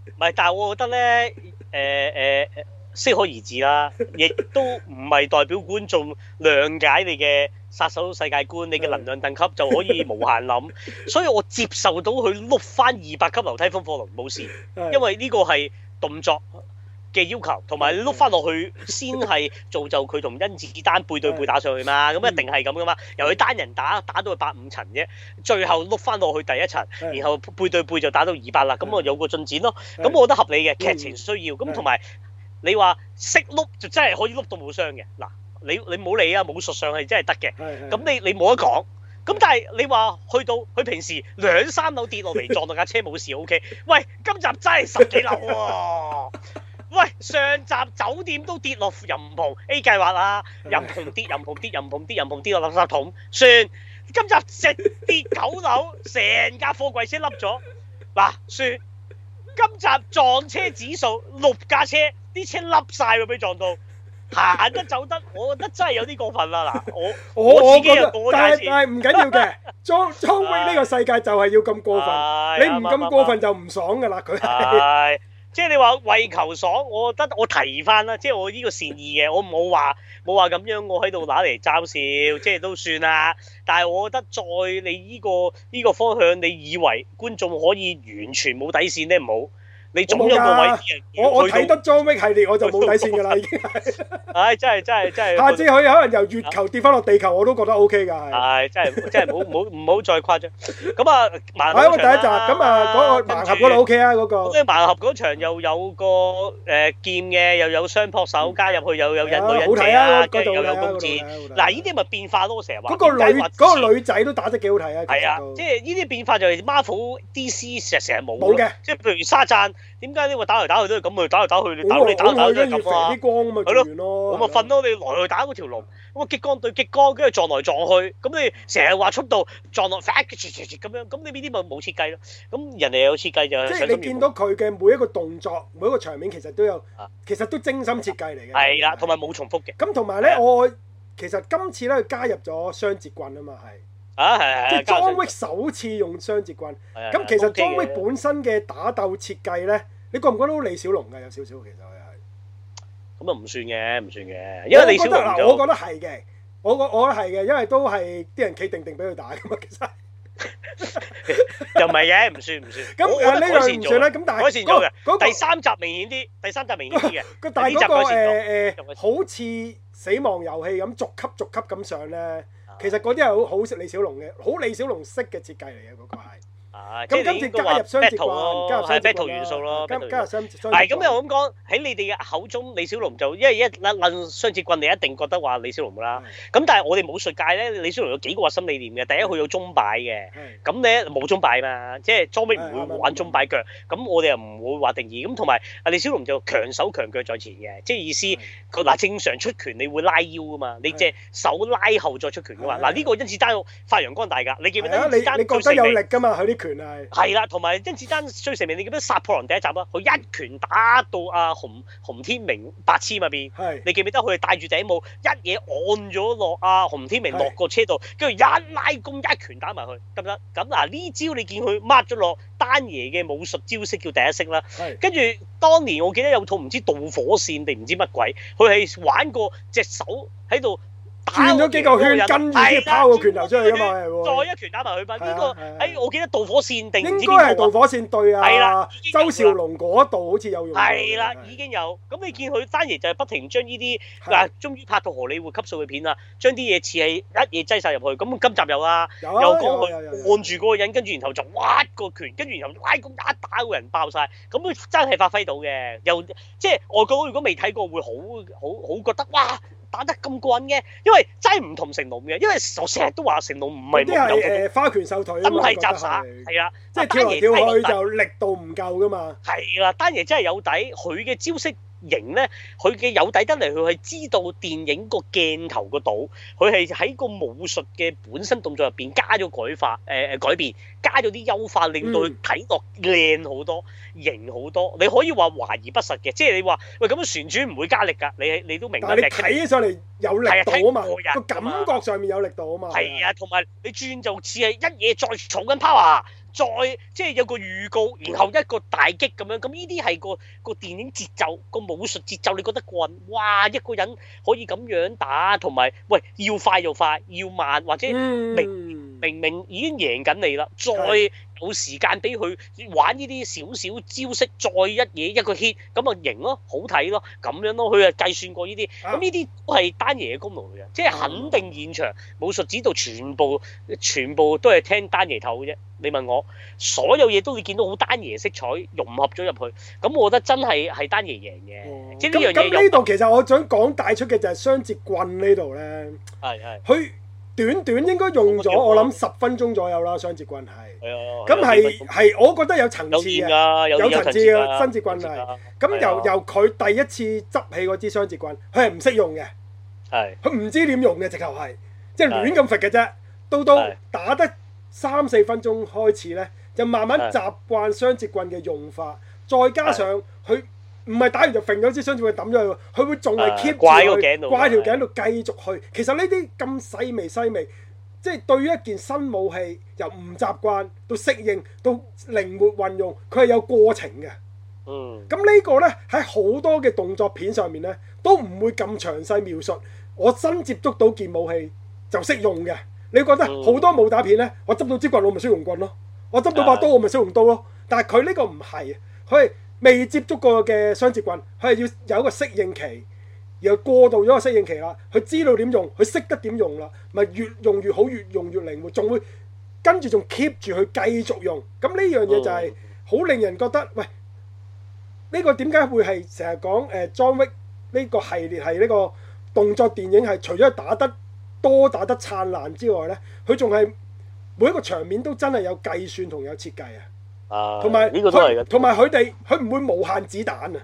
S1: 唔係，但係我覺得咧，誒誒誒，適、呃、可而止啦，亦都唔係代表觀眾諒解你嘅殺手世界觀， <laughs> 你嘅能量等級就可以無限諗， <laughs> 所以我接受到佢碌翻二百級樓梯風火龍冇事， <laughs> 因為呢個係動作。嘅要求，同埋碌翻落去先係造就佢同甄子丹背對背打上去嘛，咁一定係咁噶嘛。由佢單人打打到去八五層啫，最後碌翻落去第一層，然後背對背就打到二百啦，咁我有個進展咯。咁我覺得合理嘅劇情需要，咁同埋你話識碌就真係可以碌到冇傷嘅。嗱，你你唔理啊，武術上係真係得嘅。咁你你冇得講。咁但係你話去到佢平時兩三樓跌落嚟撞到架車冇事 OK，喂，今集真係十幾樓喎、啊。喂，上集酒店都跌落人盤 A 計劃啊，任盤跌，人盤跌，人盤跌，人盤跌，跌，跌落垃圾桶，算。今集直跌九樓，成架貨櫃車凹咗，嗱、啊，算。今集撞車指數六架車，啲車凹晒喎，俾撞到，行得走得，我覺得真係有啲過分啦。嗱，我我自己，我但係但係
S2: 唔緊要嘅，裝裝尾呢個世界就係要咁過分， <laughs> 哎、你唔咁過分就唔爽噶啦，佢、哎。哎哎
S1: 即係你話為求爽，我覺得我提翻啦，即係我呢個善意嘅，我冇話冇話咁樣，我喺度拿嚟嘲笑，即係都算啦。但係我覺得在你呢個呢個方向，你以為觀眾可以完全冇底線咧，冇。你總有冇位？我我睇得
S2: Zombie 系列我就冇底線噶啦，已經。
S1: 唉，真係真係真係。下次佢
S2: 可能由月球跌翻落地球，我都覺得 O K 㗎。係，真係
S1: 真係冇冇唔好再誇張。咁
S2: 啊，盲盒第一集，咁啊嗰個盲盒嗰度 O K 啊嗰個。即盲盒嗰場又有個
S1: 誒劍嘅，又有雙撲手加入去，又有印女忍者好睇啊，度又有弓箭。嗱，呢啲咪變化囉，我成日話。嗰個女
S2: 嗰女仔都打得幾好睇啊！係啊，即係呢啲變化就
S1: 係 Marvel、DC 成日成日冇。冇嘅，即係譬如沙贊。點解你話打嚟，打去都係咁啊？打嚟打去，打你打打都係
S2: 咁啊！係咯，我咪
S1: 瞓到，你來去打嗰條龍，我咪激光對激光，跟住撞來撞去，咁你成日話速度撞落，咁樣咁你邊啲咪冇設計咯？咁人哋有設計就即係你見
S2: 到佢嘅每一個動作，每一個場面其實都有，其實都精心設計嚟嘅。係啦，同埋冇重複嘅。咁同埋咧，我其實今次咧加入咗雙節棍啊嘛，係。啊，係即係《莊域》首次用雙節棍，咁其實《莊域》本身嘅打鬥設計咧，你覺唔覺得好李小龍啊？有少少其實佢係
S1: 咁啊，唔算嘅，唔算嘅，因為李小龍。我覺得係
S2: 嘅，我我我係嘅，因為都係啲人企定定俾佢打噶嘛，其實
S1: 又唔係嘅，唔算唔算。咁我呢樣唔算啦，咁但係改善咗嘅。嗰
S2: 第三集明顯啲，第三集明顯啲嘅。個第一集改善到誒誒，好似死亡遊戲咁，逐級逐級咁上咧。其實嗰啲係好好識李小龍嘅，好李小龍式嘅設計嚟嘅嗰個係。
S1: 啊！即係 Battle，棍，係 battle 元素咯，唔係咁又咁講喺你哋嘅口中，李小龍就因為一嗱問雙節棍，你一定覺得話李小龍噶啦。咁、嗯、但係我哋武術界咧，李小龍有幾個核心理念嘅。第一，佢、嗯、有中擺嘅，咁你冇中擺嘛，即係裝逼唔會玩中擺腳。咁、嗯嗯、我哋又唔會話定義。咁同埋阿李小龍就強手強腳在前嘅，即係意思嗱、嗯嗯、正常出拳你會拉腰噶嘛，你隻手拉後再出拳噶嘛。嗱呢、嗯這個因此爭到發揚光大㗎。你記唔記得、嗯？你你覺得有力
S2: 㗎嘛？係啦，
S1: 同埋甄子丹最成名，你記唔記得殺破狼第一集啊？佢一拳打到阿、啊、洪洪天明白痴入邊，是的 你記唔記得佢係戴住頂帽，一嘢按咗落阿洪天明是的 落個車度，跟住一拉弓一拳打埋佢得唔得？咁嗱呢招你見佢掹咗落丹爺嘅武術招式叫第一式啦。跟住是的 當年我記得有套唔知導火線定唔知乜鬼，佢係玩過隻手喺度。
S2: 轉咗幾個圈，跟住先
S1: 拋個拳頭出去噶嘛，再一拳打埋佢份，呢個，哎，我記得導火
S2: 線定唔知邊係導火線對啊。係啦，周兆龍嗰度好似有用。係啦，
S1: 已經有。咁你見佢單爺就係不停將呢啲，嗱，終於拍到荷里活級數嘅片啦，將啲嘢似係一嘢擠晒入去。咁今集有啦，有，有講佢按住嗰個人，跟住然後就屈個拳，跟住然後，哎，咁一打個人爆晒，咁佢真係發揮到嘅。又即係外國，如果未睇過，會好好好覺得哇。打得咁過癮嘅，因為真係唔同成龍嘅，因為我成日都話成龍唔係冇嘅，花拳繡
S2: 腿，真係雜耍，係啦。即係丹爺跳開就力度唔夠噶嘛，係
S1: 啦，丹爺真係有底，佢嘅招式。型咧，佢嘅有底得嚟，佢係知道電影個鏡頭個度，佢係喺個武術嘅本身動作入邊加咗改化，誒、呃、誒改變，加咗啲優化，令到佢睇落靚好多，型好多。你可以話華而不實嘅，即係你話喂咁樣旋轉唔會加力㗎，你你都明㗎。但係你睇起上嚟
S2: 有力度啊嘛，個實、啊、感覺上面有力度啊嘛。係有
S1: 啊，同埋你轉就似係一嘢再重緊 power。再即係有個預告，然後一個大擊咁樣。咁呢啲係個個電影節奏，個武術節奏，你覺得過人？哇！一個人可以咁樣打，同埋喂，要快就快，要慢或者明。嗯明明已經贏緊你啦，再冇時間俾佢玩呢啲少少招式，再一嘢一個 hit，咁啊贏咯，好睇咯，咁樣咯，佢啊計算過呢啲，咁呢啲都係單爺嘅功勞嚟嘅，即係肯定現場武術指導全部全部都係聽單爺頭嘅啫。你問我，所有嘢都會見到好單爺色彩融合咗入去，咁我覺得真係係單爺贏嘅，哦嗯、即係呢樣嘢。咁呢度
S2: 其實我想講帶出嘅就係雙截棍呢度咧，係係佢。短短應該用咗我諗十分鐘左右啦。雙截棍係，咁係係我覺得有層次嘅，有層次嘅。雙截棍係咁由由佢第一次執起嗰支雙截棍，佢係唔識用嘅，佢唔知點用嘅，直頭係即係亂咁揈嘅啫。到到打得三四分鐘開始呢，就慢慢習慣雙截棍嘅用法，再加上佢。唔係打完就揈咗支槍，佢抌咗佢，佢會仲係 keep 住掛條頸度，繼續去。其實呢啲咁細微細微，即係對於一件新武器，由唔習慣到適應到靈活運用，佢係有過程嘅。嗯。咁呢個呢，喺好多嘅動作片上面呢，都唔會咁詳細描述。我新接觸到件武器就識用嘅，你覺得好多武打片呢，我執到支棍我咪識用棍咯，我執到把刀我咪識用刀咯。嗯、但係佢呢個唔係，佢。未接觸過嘅雙節棍，佢係要有一個適應期，然後過渡咗個適應期啦，佢知道點用，佢識得點用啦，咪越用越好，越用越靈活，仲會跟住仲 keep 住佢繼續用，咁呢樣嘢就係好令人覺得，喂，呢、這個點解會係成日講誒 John Wick 呢個系列係呢個動作電影係除咗打得多打得燦爛之外呢，佢仲係每一個場面都真係有計算同有設計啊！同埋呢個都係嘅，同埋佢哋佢唔會無限子彈啊！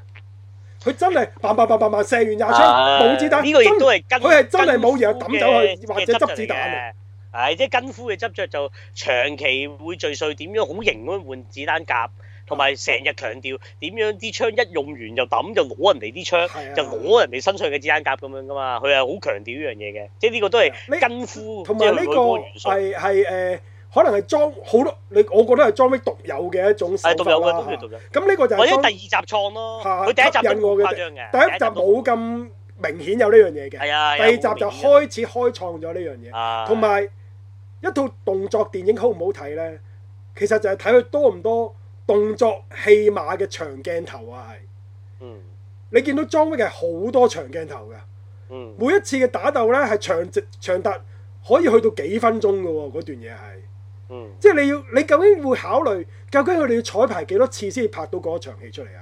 S2: 佢真係嘭嘭嘭嘭射完廿槍冇子彈，呢個亦都係佢係真係冇嘢抌走去或者執子彈
S1: 嘅。係即係跟夫嘅執着就長期會最衰，點樣好型咁換子彈夾，同埋成日強調點樣啲槍一用完就抌就攞人哋啲槍，就攞人哋、啊、身上嘅子彈夾咁樣㗎嘛。佢係好強調呢樣嘢嘅，即係呢個都係
S2: 跟夫，同埋呢個係係誒。可能係裝好多，你我覺得係 John Wick 獨有嘅一種手法啦。咁呢個就係第二集創咯。佢下第一集引我嘅，第一集冇咁明顯有呢樣嘢嘅。啊、第二集就開始開創咗呢樣嘢，同埋一套動作電影好唔好睇咧？其實就係睇佢多唔多動作戲碼嘅長鏡頭啊！係，嗯、你見到 John Wick 係好多長鏡頭嘅，嗯、每一次嘅打鬥咧係長直長達可以去到幾分鐘嘅喎，嗰段嘢係。嗯、即係你要，你究竟會考慮，究竟佢哋要彩排幾多次先至拍到嗰場戲出嚟啊？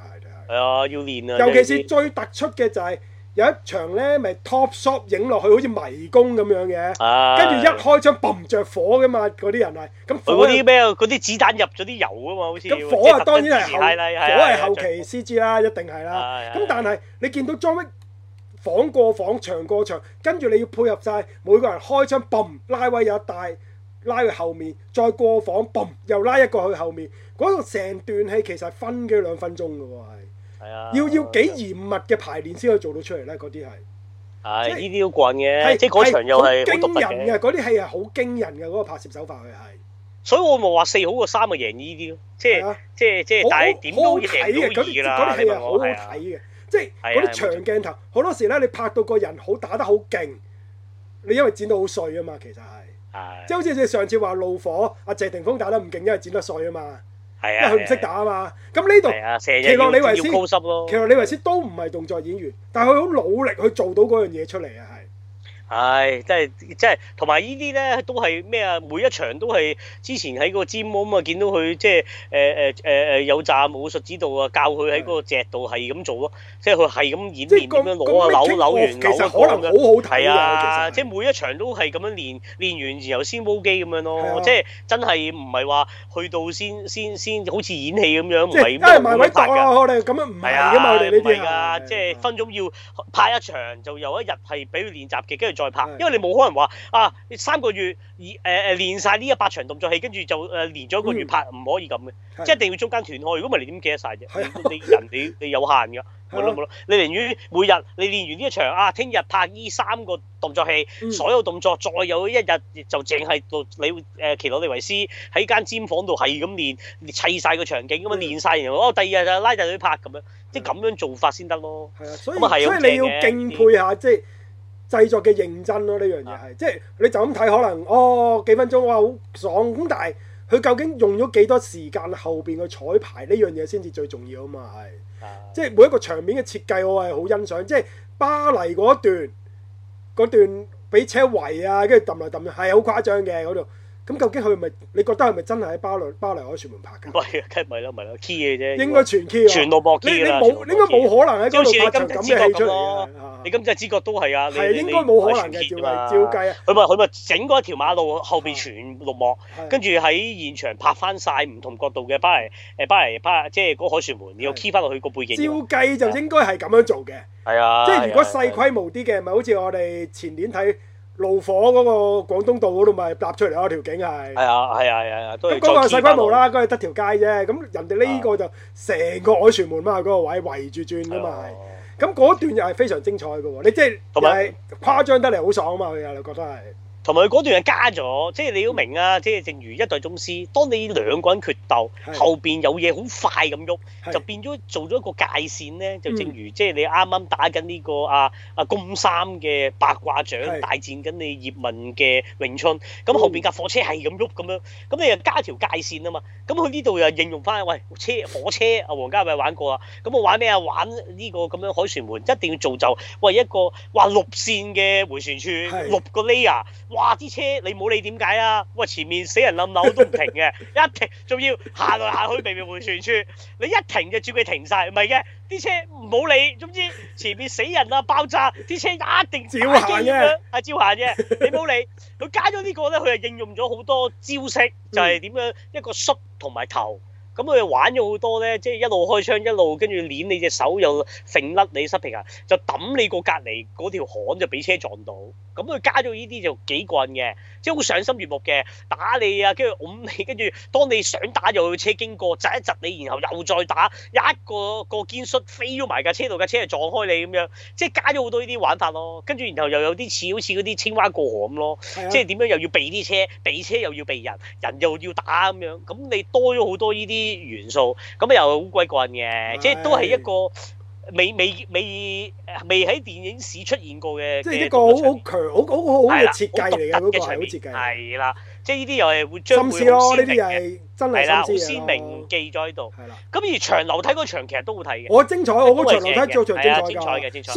S2: 係
S1: 啊，要練啊！尤其是
S2: 最突出嘅就係有一場呢咪、就是、Top Shot 影落去好似迷宮咁樣嘅，哎哎跟住一開槍 boom 着火嘅嘛，嗰啲人啊，咁嗰啲咩嗰啲子彈入咗啲油啊嘛，好似咁火啊，當然係後，火係後期先知啦，一定係啦。咁、哎哎哎哎、但係你見到裝逼，房過房，場過場，跟住你要配合晒每個人開槍，boom 拉威有一帶。拉佢後面，再過房，嘣，又拉一個去後面。嗰個成段戲其實分幾兩分鐘嘅喎，係。係啊。要要幾嚴密嘅排練先可以做到出嚟咧，嗰啲係。
S1: 係呢啲都慣嘅，即係嗰場又係好驚人
S2: 嘅。嗰啲戲係好驚人嘅，嗰個拍攝手法佢係。
S1: 所以我冇話四好過三啊，贏呢啲咯。即係即係即係，但係點都睇嘅。嗰啲戲係好好睇嘅，
S2: 即係嗰啲長鏡頭，好多時咧你拍到個人好打得好勁，你因為剪到好碎啊嘛，其實係。即係好似你上次話怒火阿謝霆鋒打得唔勁，因為剪得碎啊嘛，啊因為佢唔識打啊嘛。咁呢度，奇洛李維斯，其實李維斯都唔係動作演員，的但係佢好努力去做到樣嘢出嚟啊。
S1: 係，真係，真係，同埋呢啲咧都係咩啊？每一場都係之前喺個 gym 啊，見到佢即係誒誒誒誒有站武術指導啊，教佢喺嗰個席度係咁做咯。即係佢係咁演練咁樣攞啊扭扭完咁樣可能好好睇啊！其實即係每一場都係咁樣練練完，然後先煲機咁樣咯。即係真係唔係話去到先先先好似演戲咁樣，唔係咁樣拍係唔係㗎，我哋
S2: 咁樣唔係因嘛。我哋呢啲啊，
S1: 即係分種要拍一場就有一日係俾佢練習嘅，跟住。再拍，因為你冇可能話啊，三個月而誒誒練曬呢一百場動作戲，跟住就誒練咗一個月拍，唔可以咁嘅，即係一定要中間斷開。如果唔係你點記得晒？啫？你人哋你有限㗎，冇咯冇咯。你寧願每日你練完呢一場啊，聽日拍呢三個動作戲，所有動作再有一日就淨係到你誒奇洛利維斯喺間尖房度係咁練砌晒個場景咁樣練曬，然後哦第二日就拉大隊拍咁樣，即係咁樣做法先得咯。
S2: 係啊，你要敬佩下即係。製作嘅認真咯，啊，呢樣嘢係。即係你就咁睇可能哦幾分鐘，哇好爽，咁但係佢究竟用咗幾多時間後邊去彩排呢樣嘢先至最重要啊嘛係？即係每一個場面嘅設計我係好欣賞，即係巴黎嗰段嗰段俾車圍啊，跟住揼嚟揼去係好誇張嘅嗰度。咁究竟佢咪？你覺得佢咪真係喺巴黎巴黎凱旋門拍
S1: 噶？唔係，梗係唔係啦，唔係啦，key 嘅啫。應該全 key。全綠幕你冇，應
S2: 該冇可能喺嗰度拍出感覺咁咯。
S1: 你今次知覺都係啊，係應該冇可能嘅。照計。佢咪佢咪整嗰一條馬路後面全綠幕，跟住喺現場拍翻晒唔同角度嘅巴黎誒巴黎巴黎，即係嗰凱旋門，你要 key 翻落去個背景。照計就應
S2: 該係咁樣做嘅。
S1: 係啊。即係如果細
S2: 規模啲嘅，咪好似我哋前年睇。路火嗰個廣東道嗰度咪搭出嚟咯，條景係。係
S1: 啊，係啊，係啊，咁嗰、嗯嗰個細規模啦，
S2: 嗰個得條街啫。咁人哋呢個就成個凱旋門嘛，嗰個位圍住轉噶嘛。咁嗰段又係非常精彩嘅喎，你即係誇張得嚟好爽啊嘛，佢又覺得係。
S1: 同埋嗰段係加咗？即係你都明啊！即係正如一代宗師，當你兩個人決鬥，後邊有嘢好快咁喐，就變咗做咗一個界線咧。就正如即係你啱啱打緊呢個啊，啊宮三嘅八卦掌大戰緊你葉問嘅詠春，咁後邊架火車係咁喐咁樣，咁你又加條界線啊嘛。咁佢呢度又應用翻，喂車火車啊！王家衛玩過啊？咁我玩咩啊？玩呢個咁樣凱旋門，一定要做，就喂一個哇六線嘅迴旋處，六個 layer。哇！啲車你冇理點解啊？喂、呃，前面死人冧樓都唔停嘅， <laughs> 一停仲要行來行去明明回旋處。你一停就叫停車佢停晒，唔係嘅，啲車唔好理。總之前面死人啊，爆炸，啲車、啊、一定照行嘅。阿照行啫，你冇理。佢加咗呢、這個咧，佢係應用咗好多招式，就係、是、點樣 <laughs> 一個縮同埋頭。咁佢玩咗好多咧，即係一路開槍，一路跟住攆你隻手，又甩甩你濕皮鞋，就揼你過隔離嗰條巷，就俾車撞到。咁佢、嗯、加咗呢啲就幾棍嘅，即係好賞心悅目嘅，打你啊，跟住捂你，跟住當你想打又要車經過，窒一窒你，然後又再打一個一個肩摔飛咗埋架車度架車嚟撞開你咁樣，即係加咗好多呢啲玩法咯。跟住然後又有啲似好似嗰啲青蛙過河咁咯，的即係點樣又要避啲車，避車又要避人，人又要打咁樣。咁你、嗯、多咗好多呢啲元素，咁又好鬼棍嘅，即係都係一個。未未未未喺電影史出
S2: 現過嘅，即係一個好好強、好好好好嘅設計嚟嘅嗰個場
S1: 面，係啦，即係呢啲又係會將會好知名嘅。
S2: 係啦，好鮮
S1: 明記咗喺度。係啦，咁而場樓梯場其實都好睇嘅。我精彩，我嗰場樓梯到最精彩精彩嘅精彩。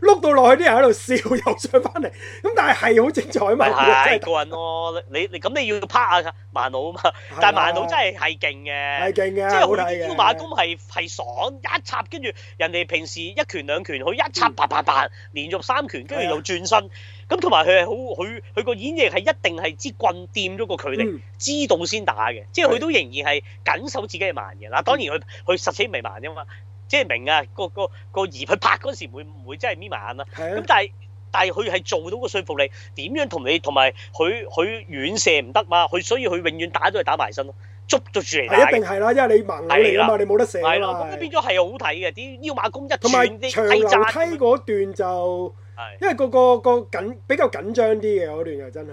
S2: 碌到落去啲人喺度笑，又上翻嚟。咁但係係好精彩嘛。係
S1: 棍咯，你你咁你要趴下慢路啊嘛。但係慢路真係係勁
S2: 嘅，係勁嘅。即係啲腰馬功
S1: 係係爽，一插跟住人哋平時一拳兩拳，佢一插啪啪啪，連續三拳，跟住又轉身。咁同埋佢係好，佢佢個演繹係一定係知棍掂咗個距離，知道先打嘅。即係佢都仍然係緊守自己嘅盲嘅，嗱，當然佢佢實死未盲啫嘛。即係明啊，嗰個、嗰個、嗰個兒去拍嗰時會唔會真係眯埋眼是啊？咁但係但係佢係做到個說服力，點樣同你同埋佢佢遠射唔得嘛？佢所以佢永遠打都係打埋身咯，捉到住嚟、啊。一定係啦，
S2: 因為你盲嚟啊嘛，是啊你冇得射啊嘛。咁、啊
S1: 啊、變咗係好睇嘅，啲腰馬功一轉。同埋長樓梯
S2: 嗰段就，因為個個個緊比較緊張啲嘅嗰段又真係。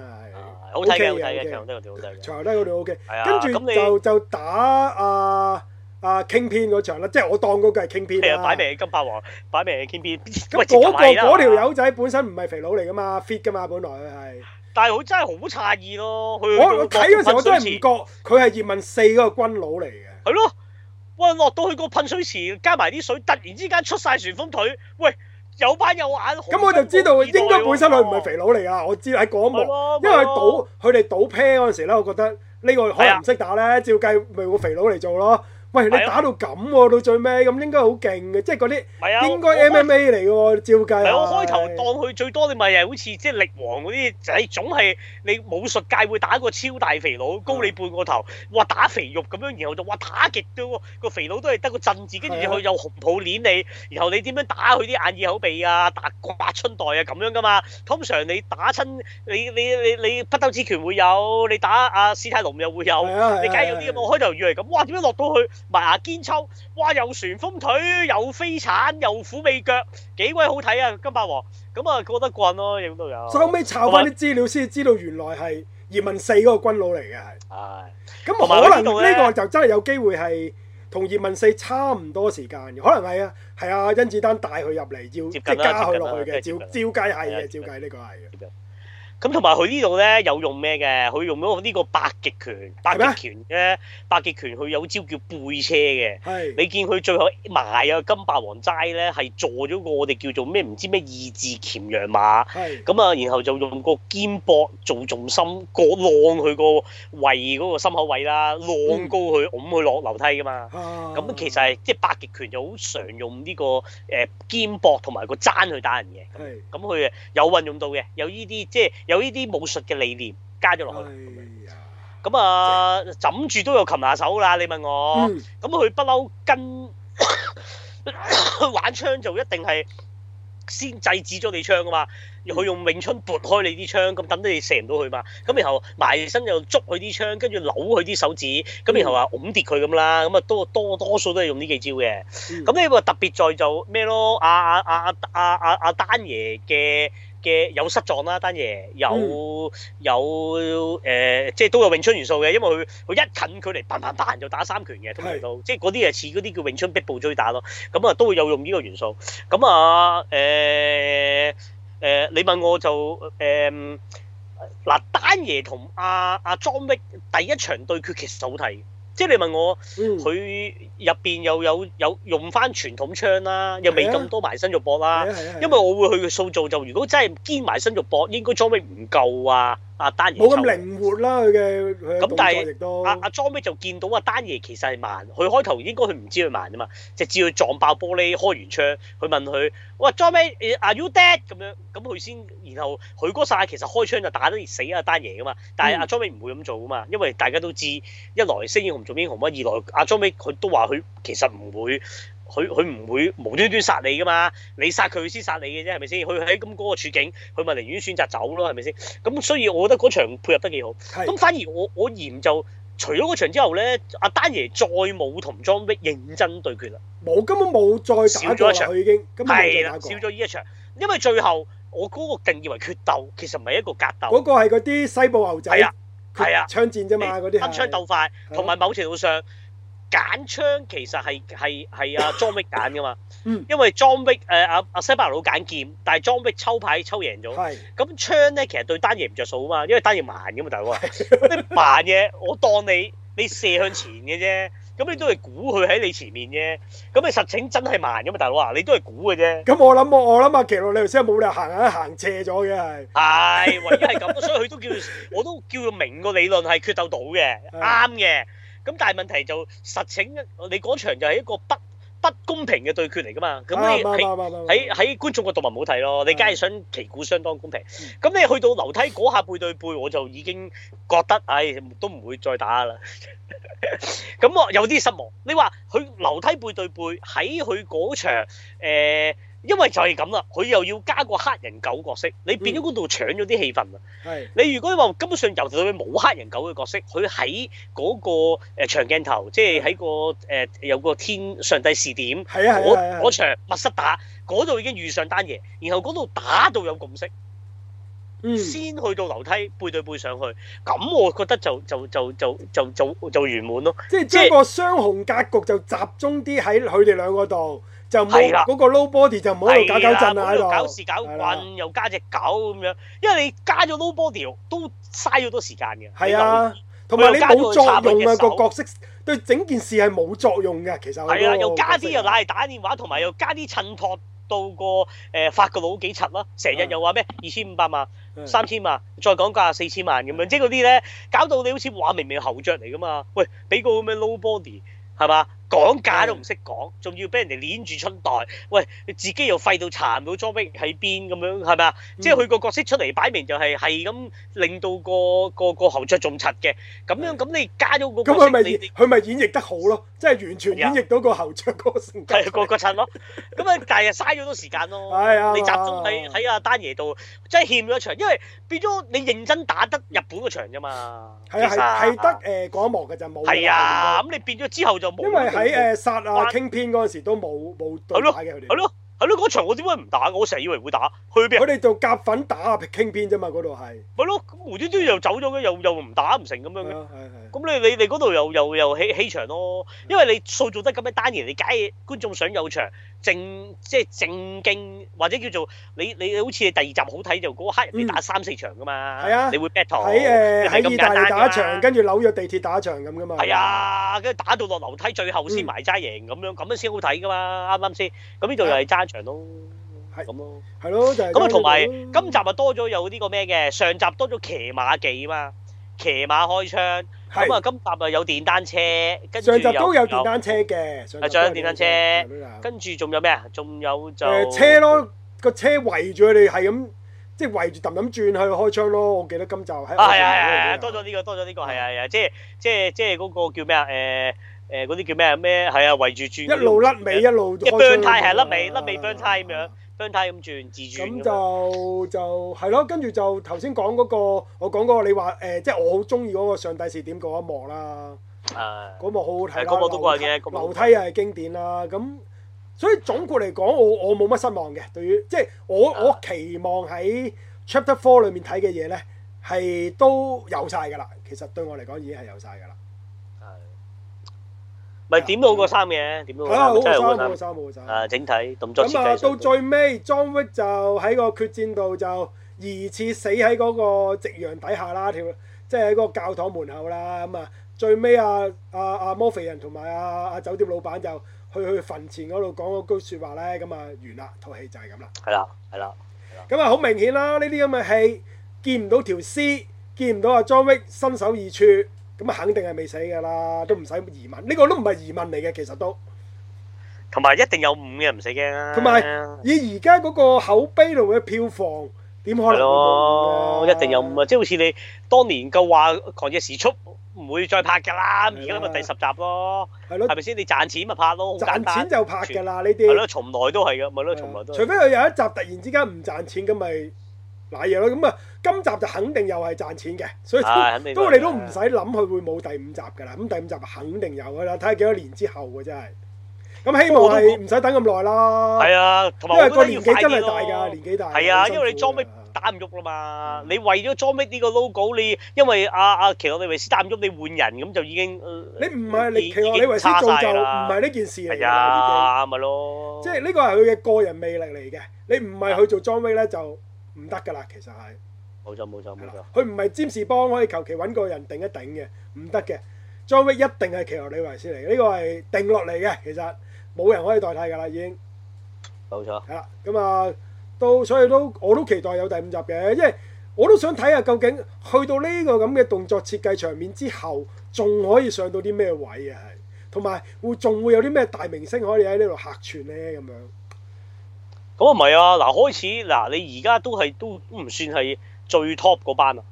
S1: 好
S2: 睇嘅，好睇嘅，長頭嗰條好睇嘅，長頭嗰條 O K。係啊，跟住就就打阿阿傾片嗰場啦，即係我當嗰句係傾片嚟啊。擺明金霸王，
S1: 擺明傾片。咁嗰個嗰條友
S2: 仔本身唔係肥佬嚟噶嘛，fit 噶嘛，本來係。
S1: 但係佢真係好詫異咯。我我睇嗰陣我真係唔覺
S2: 佢係葉問四嗰個軍佬嚟嘅。
S1: 係咯，喂，落到去個噴水池，加埋啲水，突然之間出曬旋風腿，喂！有班有
S2: 眼，咁我就知道應該本身佢唔係肥佬嚟啊！嗯、我知喺嗰一幕，啊、因為佢賭佢哋、啊、賭 pair 嗰陣時咧，我覺得呢個可能唔識打咧，啊、照計咪會肥佬嚟做咯。喂，你打到咁喎，到最尾咁應該好勁嘅，即係嗰啲應該 MMA 嚟喎，照計。唔係我開頭
S1: 當佢最多你咪係好似即係力王嗰啲，仔，係總係你武術界會打個超大肥佬，高你半個頭，哇打肥肉咁樣，然後就哇打極咗個肥佬都係得個震字，跟住佢又熊抱攬你，然後你點樣打佢啲眼耳口鼻啊，打八春袋啊咁樣噶嘛。通常你打親你你你你北斗之拳會有，你打阿史泰龍又會有，你梗係有啲咁。我開頭以為係咁，哇點樣落到去？埋肩抽，哇！又旋風腿，又飛鏟，又虎尾腳，幾鬼好睇啊！金霸王，咁啊覺得慣咯，應該都有。收尾抄翻啲
S2: 資料先知道，原來係葉問四嗰個軍佬嚟嘅，
S1: 係、啊。咁可能呢個
S2: 就真係有機會係同葉問四差唔多時間嘅，可能係啊，係啊，甄子丹帶佢入嚟，要即加佢落去嘅，照照計係嘅，照計呢個係。咁同
S1: 埋佢呢度咧有用咩嘅？佢用咗呢個八極拳，八極拳咧，八嗎極拳佢有招叫背車嘅。係是。你見佢最後埋啊金霸王齋咧，係坐咗個我哋叫做咩唔知咩二字鉗羊馬。咁啊是，然後就用個肩膊做重心，過浪佢個胃嗰個心口位啦，浪高佢揞佢落樓梯噶嘛。咁、啊嗯、其實係即係八極拳就好常用呢個誒肩膊同埋個踭去打人嘅。咁佢有運用到嘅，有呢啲即係。有呢啲武術嘅理念加咗落去，咁啊枕住都有擒拿手啦！你問我，咁佢不嬲跟玩槍就一定係先制止咗你槍㗎嘛？佢用詠春撥開你啲槍，咁等得你射唔到佢嘛？咁然後埋身又捉佢啲槍，跟住扭佢啲手指，咁然後話揹跌佢咁啦，咁啊多多多數都係用呢幾招嘅。咁呢個特別在就咩咯？阿阿阿阿阿阿丹爺嘅。嘅有失狀啦，丹爺，丹爺有有誒、呃，即係都有詠春元素嘅，因為佢佢一近距離彈彈彈彈彈彈，砰砰砰就打三拳嘅，咁樣都即係嗰啲誒似嗰啲叫詠春逼步追打咯，咁、嗯、啊都會有用呢個元素，咁啊誒誒，你問我就誒嗱，丹爺同阿阿 John Wick 第一場對決其實好睇。即係你問我，佢入邊又有有用翻傳統槍啦、啊，又未咁多埋身肉搏啦、啊，啊啊啊啊、因為我會去嘅塑造就，如果真係堅埋身肉搏，應該裝備唔夠啊。阿、啊、丹爺冇咁靈
S2: 活啦，佢嘅咁但係
S1: 阿阿莊尾就見到阿、啊、丹爺其實係慢，佢開頭應該佢唔知佢慢啊嘛，直至佢撞爆玻璃開完槍，佢問佢：，喂莊尾，are you dead？咁樣，咁佢先，然後佢嗰剎其實開槍就打得死阿丹爺噶嘛，但係阿莊尾唔會咁做啊嘛，因為大家都知，一來星英雄做英雄啊，二來阿莊尾佢都話佢其實唔會。佢佢唔會無端端殺你噶嘛，你殺佢先殺你嘅啫，係咪先？佢喺咁嗰個處境，佢咪寧願選擇走咯，係咪先？咁所以我覺得嗰場配合得幾好。咁反而我我嫌就除咗嗰場之後咧，阿丹爺再冇同 John Wick 認真對決啦。
S2: 冇，根本冇再少咗一場。
S1: 係啦，少咗呢一場，因為最後我嗰個定義為決鬥，其實唔係一個格鬥。嗰
S2: 個係嗰啲西部牛仔。係啊。係啊。槍戰啫嘛，嗰啲。黑槍
S1: 鬥快，同埋某程度上。揀槍其實係係係阿 John Wick 揀噶嘛，嗯、因為 John Wick、呃。誒阿阿西伯魯揀劍，但係 John Wick 抽牌抽贏咗。咁是的 槍咧，其實對單嘢唔着數啊嘛，因為單嘢慢噶嘛，大佬啊，慢嘢是的 我當你你射向前嘅啫，咁你都係估佢喺你前面啫。咁你實情真係慢噶嘛，大佬啊，你都係估嘅啫。
S2: 咁我諗我我諗阿騎路你頭先冇理由行行行斜咗嘅係
S1: 係，因為咁，所以佢都叫我都叫明個理論係決鬥到嘅，啱嘅。咁但係問題就實情，你嗰場就係一個不不公平嘅對決嚟㗎嘛。咁你喺喺觀眾嘅度咪冇睇咯。你梗係想旗鼓相當公平。咁的你去到樓梯嗰下背對背，我就已經覺得，唉、哎，都唔會再打啦。咁 <laughs> 我有啲失望。你話佢樓梯背對背喺佢嗰場、呃因為就係咁啦，佢又要加個黑人狗角色，你變咗嗰度搶咗啲氣氛，啦、嗯。係，你如果話根本上由頭到尾冇黑人狗嘅角色，佢喺嗰個誒長鏡頭，即係喺、嗰個誒、呃、有個天上帝視點，嗰嗰場密室打嗰度已經遇上丹爺，然後嗰度打到有共識，
S2: 嗯、先
S1: 去到樓梯背對背上去，咁我覺得就就就就就就就，就圓滿咯。即
S2: 係將個雙雄格局就集中啲喺佢哋兩個度。就冇嗰個 low body 的就唔好喺度搞搞震啦，喺度的搞事
S1: 搞混的又加隻狗咁樣，因為你加咗 low body 都嘥咗好多時間嘅。係啊的，同埋你冇作用啊，個角色
S2: 對整件事係冇作用嘅其實。係啊，又加啲
S1: 又賴打電話，同埋又加啲襯托到個誒發個腦幾層咯，成日又話咩二千五百萬、三的千萬，再講價四千萬咁樣，的即係嗰啲咧搞到你好似話明明侯爵嚟㗎嘛，喂，俾個咁嘅 low body 係嘛？講價都唔識講，仲要俾人哋攆住春袋。喂，你自己又廢到殘，冇裝逼喺邊咁樣，係咪啊？即係佢個角色出嚟，擺明就係係咁令到個個個侯爵仲柒嘅，咁樣咁你加咗個角色，
S2: 佢咪演演繹得好咯，即係完全演繹到個侯爵個性格，個個
S1: 襯咯。咁啊，但係嘥咗好多時間咯，你集中喺喺阿丹爺度，即係欠咗場，因為變咗你認真打得日本個場啫嘛，
S2: 其實係得誒嗰一幕㗎咋，冇係啊，咁你
S1: 變咗之後就冇。喺誒、呃、殺啊傾
S2: 篇嗰陣時都冇冇對打嘅，
S1: 係咯，係咯，係咯，嗰場我點解唔打？我成日以為會打，
S2: 去邊？佢哋就夾粉打啊傾篇啫嘛，嗰度係
S1: 咪咯？無端端又走咗嘅，又又唔打唔成咁樣嘅。咁你你你嗰度又又又起起場咯，因為你塑造得咁樣單元，你解係觀眾想有場正，即係正經或者叫做你你好似第二集好睇就嗰刻人哋打三四場噶嘛，係啊，你會 battle 喺誒喺意大利打一
S2: 場，跟住紐約地鐵打一場咁噶嘛，係啊，跟
S1: 住打到落樓梯最後先埋齋贏咁樣，咁樣先好睇噶嘛，啱啱先？咁呢度又係爭場咯，係咁
S2: 咯，
S1: 係咯就係咁啊，同埋今集又多咗有呢個咩嘅，上集多咗騎馬技啊嘛，騎馬開槍。咁啊，今集啊有電單車，跟住上集都有電單
S2: 車嘅，上集都有電
S1: 單車。跟住仲有咩啊？仲有就車
S2: 咯，個車圍住佢哋係咁，即係圍住氹氹轉去開槍咯。我記得今集係。係係係，多咗
S1: 呢個，多咗呢個，係啊係啊，即係即係即係嗰個叫咩啊？誒誒嗰啲叫咩咩係啊？圍住轉一路甩尾一
S2: 路。一崩差係甩尾，
S1: 甩尾崩差咁樣。雙梯咁轉自轉咁
S2: 就就係咯，跟住就頭先講嗰個，我講嗰個你話誒、呃，即係我好中意嗰個上帝視點嗰一幕啦。嗰幕、uh, 好好睇。係嗰個都怪嘅，樓梯又係經典啦。咁所以總括嚟講，我我冇乜失望嘅。對於即係我、uh, 我期望喺 Chapter Four 裏面睇嘅嘢呢，係都有晒㗎啦。其實對我嚟講已經係有晒㗎啦。
S1: 咪點都好過三嘅，點到好過三，嗯、不真係好過三。誒、啊，整體動作設計咁啊、嗯，到
S2: 最尾 John Wick 就喺個決戰度就疑似死喺嗰個夕陽底下啦，條即係喺個教堂門口啦。咁、嗯、啊，最尾啊啊啊，摩、啊、菲人同埋啊啊，酒店老闆就去去墳前嗰度講嗰句説話咧，咁、嗯、啊，完啦，套戲就係咁啦。係啦，係啦，咁啊、嗯，好明顯啦，呢啲咁嘅戲見唔到條屍，見唔到阿 John Wick 身首異處。咁肯定係未死㗎啦，都唔使疑問。呢個都唔係疑問嚟嘅，其實都
S1: 同埋一定有五嘅，唔使驚。同埋
S2: 以而家嗰個口碑度嘅票房，點可能冇五
S1: 啊？一定有五啊！即係好似你當年嘅話《狂野時速》，唔會再拍㗎啦。而家咪第十集咯，係咪先？你賺錢咪拍咯，賺錢就拍㗎啦。呢啲係咯，從來都係㗎，係咯，的從來都除非佢有一
S2: 集突然之間唔賺錢，咁咪。買嘢咯，咁啊，今集就肯定又係賺錢嘅，所以都你都唔使諗佢會冇第五集噶啦，咁第五集肯定有噶啦，睇下幾多年之後嘅真係，咁希望你唔使等咁耐啦。係啊，因為個年紀真係大噶，年紀大係啊，因為你
S1: 莊威打
S2: 唔喐啦嘛，
S1: 你為咗莊威呢個 logo，你因為阿阿奇洛李維斯打唔喐，你換人咁就已經
S2: 你唔係你奇洛李維斯做就唔係
S1: 呢件事，係啊，啱啊咯，
S2: 即係呢個係佢嘅個人魅力嚟嘅，你唔係去做莊威咧就。唔得噶啦，其實係
S1: 冇錯冇錯冇錯，佢
S2: 唔係占士邦可以求其揾個人頂一頂嘅，唔得嘅。John Wick 一定係奇洛李維斯嚟，呢個係定落嚟嘅。其實冇人可以代替噶啦，已經冇錯。係啦，咁啊都所以都我都期待有第五集嘅，因為我都想睇下究竟去到呢個咁嘅動作設計場面之後，仲可以上到啲咩位啊？係同埋會仲會有啲咩大明星可以喺呢度客串呢？咁樣。
S1: 咁、哦、啊，唔係啊，嗱，開始嗱，你而家都係，都唔算係最 top 嗰班啊。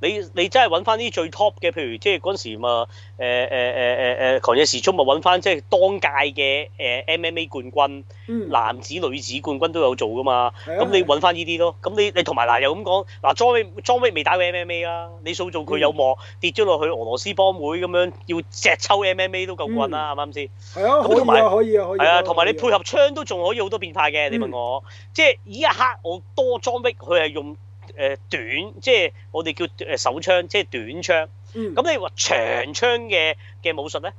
S1: 你你真係揾翻啲最 top 嘅，譬如即係嗰陣時嘛，誒誒誒誒狂野時速咪揾翻即係當屆嘅誒 MMA 冠軍，男子女子冠軍都有做噶嘛，咁你揾翻呢啲咯。咁你你同埋嗱又咁講，嗱莊威莊威未打過 MMA 啦，你數做佢有幕跌咗落去俄羅斯幫會咁樣，要隻抽 MMA 都夠棍啦，啱唔啱先？
S2: 係啊，可以啊，可以啊，啊，同埋你配合
S1: 槍都仲可以好多變化嘅，你問我，即係呢一刻我多莊逼佢係用。誒、uh, 短即係我哋叫誒手槍，即係短槍。咁、mm. 你話長槍嘅嘅武術咧，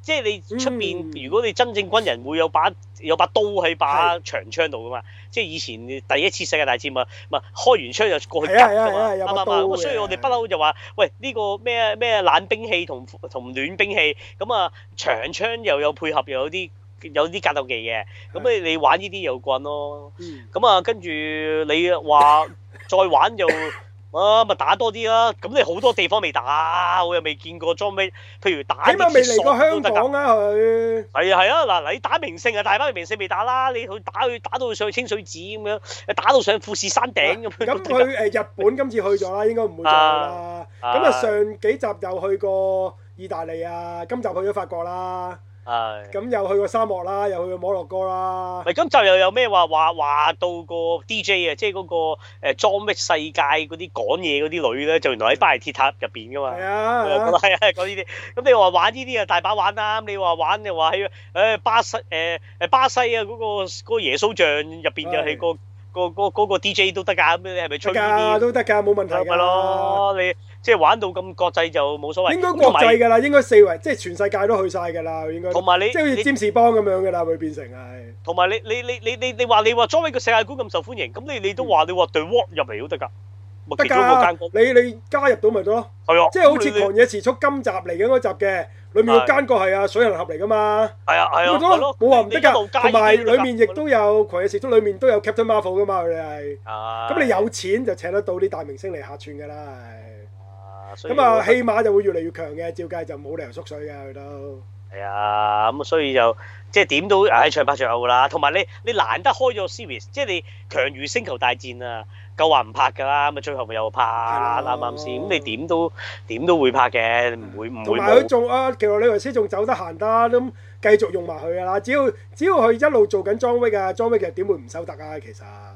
S1: 即係你出邊？Mm hmm. 如果你真正軍人會有把有把刀喺把長槍度噶嘛？的即係以前第一次世界大戰啊，唔係開完槍就過去拮㗎嘛。係所以我哋不嬲就話，喂呢個咩咩冷兵器同同暖兵器，咁啊長槍又有配合，又有啲有啲格鬥技嘅。咁你的你玩呢啲又慣咯。咁啊、嗯，跟住你話。再玩又 <laughs> 啊，咪打多啲啦、啊！咁你好多地方未打，我又未見過裝逼。譬如打，點解未嚟過香港咧？佢係啊係啊！嗱、啊、你打名勝啊，大把名勝未打啦！你去打去打到去上清水寺咁樣，打到上富士山頂咁，咁佢
S2: 誒日本今次去咗啦，應該唔會再啦。咁啊，啊上幾集又去過意大利啊，今集去咗法國啦。咁、哎、又去過沙漠啦，又去過摩洛哥啦。唔係
S1: 咁就又有咩話話話到個 DJ 啊，即係嗰個誒 Zombie 世界嗰啲講嘢嗰啲女咧，就原來喺巴黎鐵塔入邊噶嘛。係啊，我說啊，講呢啲。咁你話玩呢啲啊，大把玩啦。咁你話玩就話喺誒巴西誒誒、呃、巴西啊、那、嗰、個嗰個耶穌像入邊、啊、就係、嗰個個、啊、個 DJ 都得㗎。咁你係咪吹呢啲？
S2: 都得㗎，冇問題㗎。咪咯，
S1: 你。即係玩到咁國際就冇所謂，應該國際噶
S2: 啦，應該四圍即係全世界都去曬噶啦，應該。同埋你即係好似占士邦咁樣噶啦，會變成係。
S1: 同埋你你你你你你話你話，作為個世界觀咁受歡迎，咁你你都話你話，對喎入嚟都得噶，咪其中嗰間屋，
S2: 你你加入到咪得咯？係啊，即係好似狂野時速今集嚟嘅嗰集嘅，裡面個奸角係啊水行俠嚟噶嘛，係啊係啊，咪得咯，冇話唔得噶。同埋裡面亦都有狂野時速，裡面都有 Captain Marvel 噶嘛，佢哋係。啊。咁你有錢就請得到啲大明星嚟客串噶啦。咁啊，起碼就會越嚟越強嘅，照計就冇理由縮水嘅佢都。係啊，
S1: 咁 <noise> 啊，所以就即係點都喺長拍長有啦。同埋你你難得開咗 series，即係你強如星球大戰的啊，夠話唔拍噶啦，咁啊最後咪又拍啱唔啱先？咁你點都點都會拍嘅，唔會唔會。
S2: 同埋佢做啊，奇洛李維斯仲走得行得，咁繼續用埋佢噶啦。只要只要佢一路做緊裝逼啊，裝逼嘅點會唔收得啊？其實。啊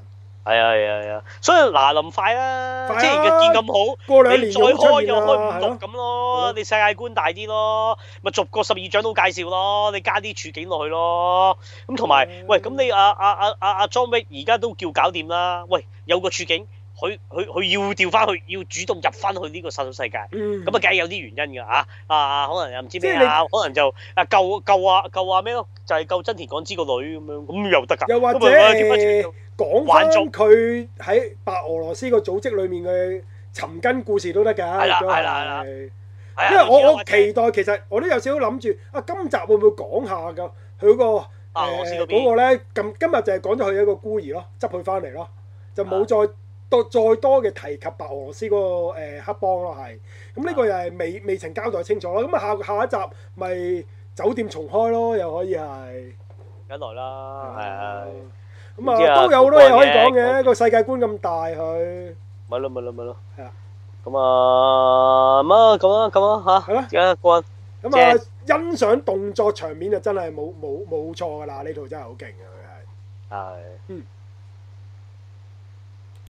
S1: 係啊係啊係啊，所以嗱，臨快啦、啊，啊、即係而家見咁好，你再開又開唔到咁咯，啊、你世界觀大啲咯，咪逐個十二章都介紹咯，你加啲處境落去咯，咁同埋，喂，咁你啊啊啊阿阿 John Wick 而家都叫搞掂啦，喂，有個處境。佢佢佢要調翻去，要主動入翻去呢個殺戮世界。咁啊，梗係有啲原因㗎吓啊，可能又唔知咩是可能就啊救救啊救啊咩咯，就係、是、救真田廣之個女咁樣，
S2: 咁、嗯、又得㗎、啊。又或者講翻佢喺白俄羅斯個組織裏面嘅尋根故事都得㗎。係、就是、啦，係啦，係。因為我我，我期待其實我都有少少諗住啊，今集會唔會講下㗎？佢嗰、啊、個誒嗰個咧，今今日就係講咗佢一個孤兒咯，執佢翻嚟咯，就冇再 S、嗯。多再多嘅提及白俄羅斯嗰個誒黑幫咯，係咁呢個又係未未曾交代清楚咯。咁啊下下一集咪酒店重開咯，又可以係。
S1: 緊來啦，係啊。
S2: 咁啊都有好多嘢可以講嘅，個世界觀咁大佢。咪咯咪咯咪咯。係啊。
S1: 咁啊，咁啊，咁啊，嚇。係咯。而家關。咁啊，
S2: 欣賞動作場面就真係冇冇冇錯㗎啦！呢套真係好勁啊，佢係。係。
S1: 嗯。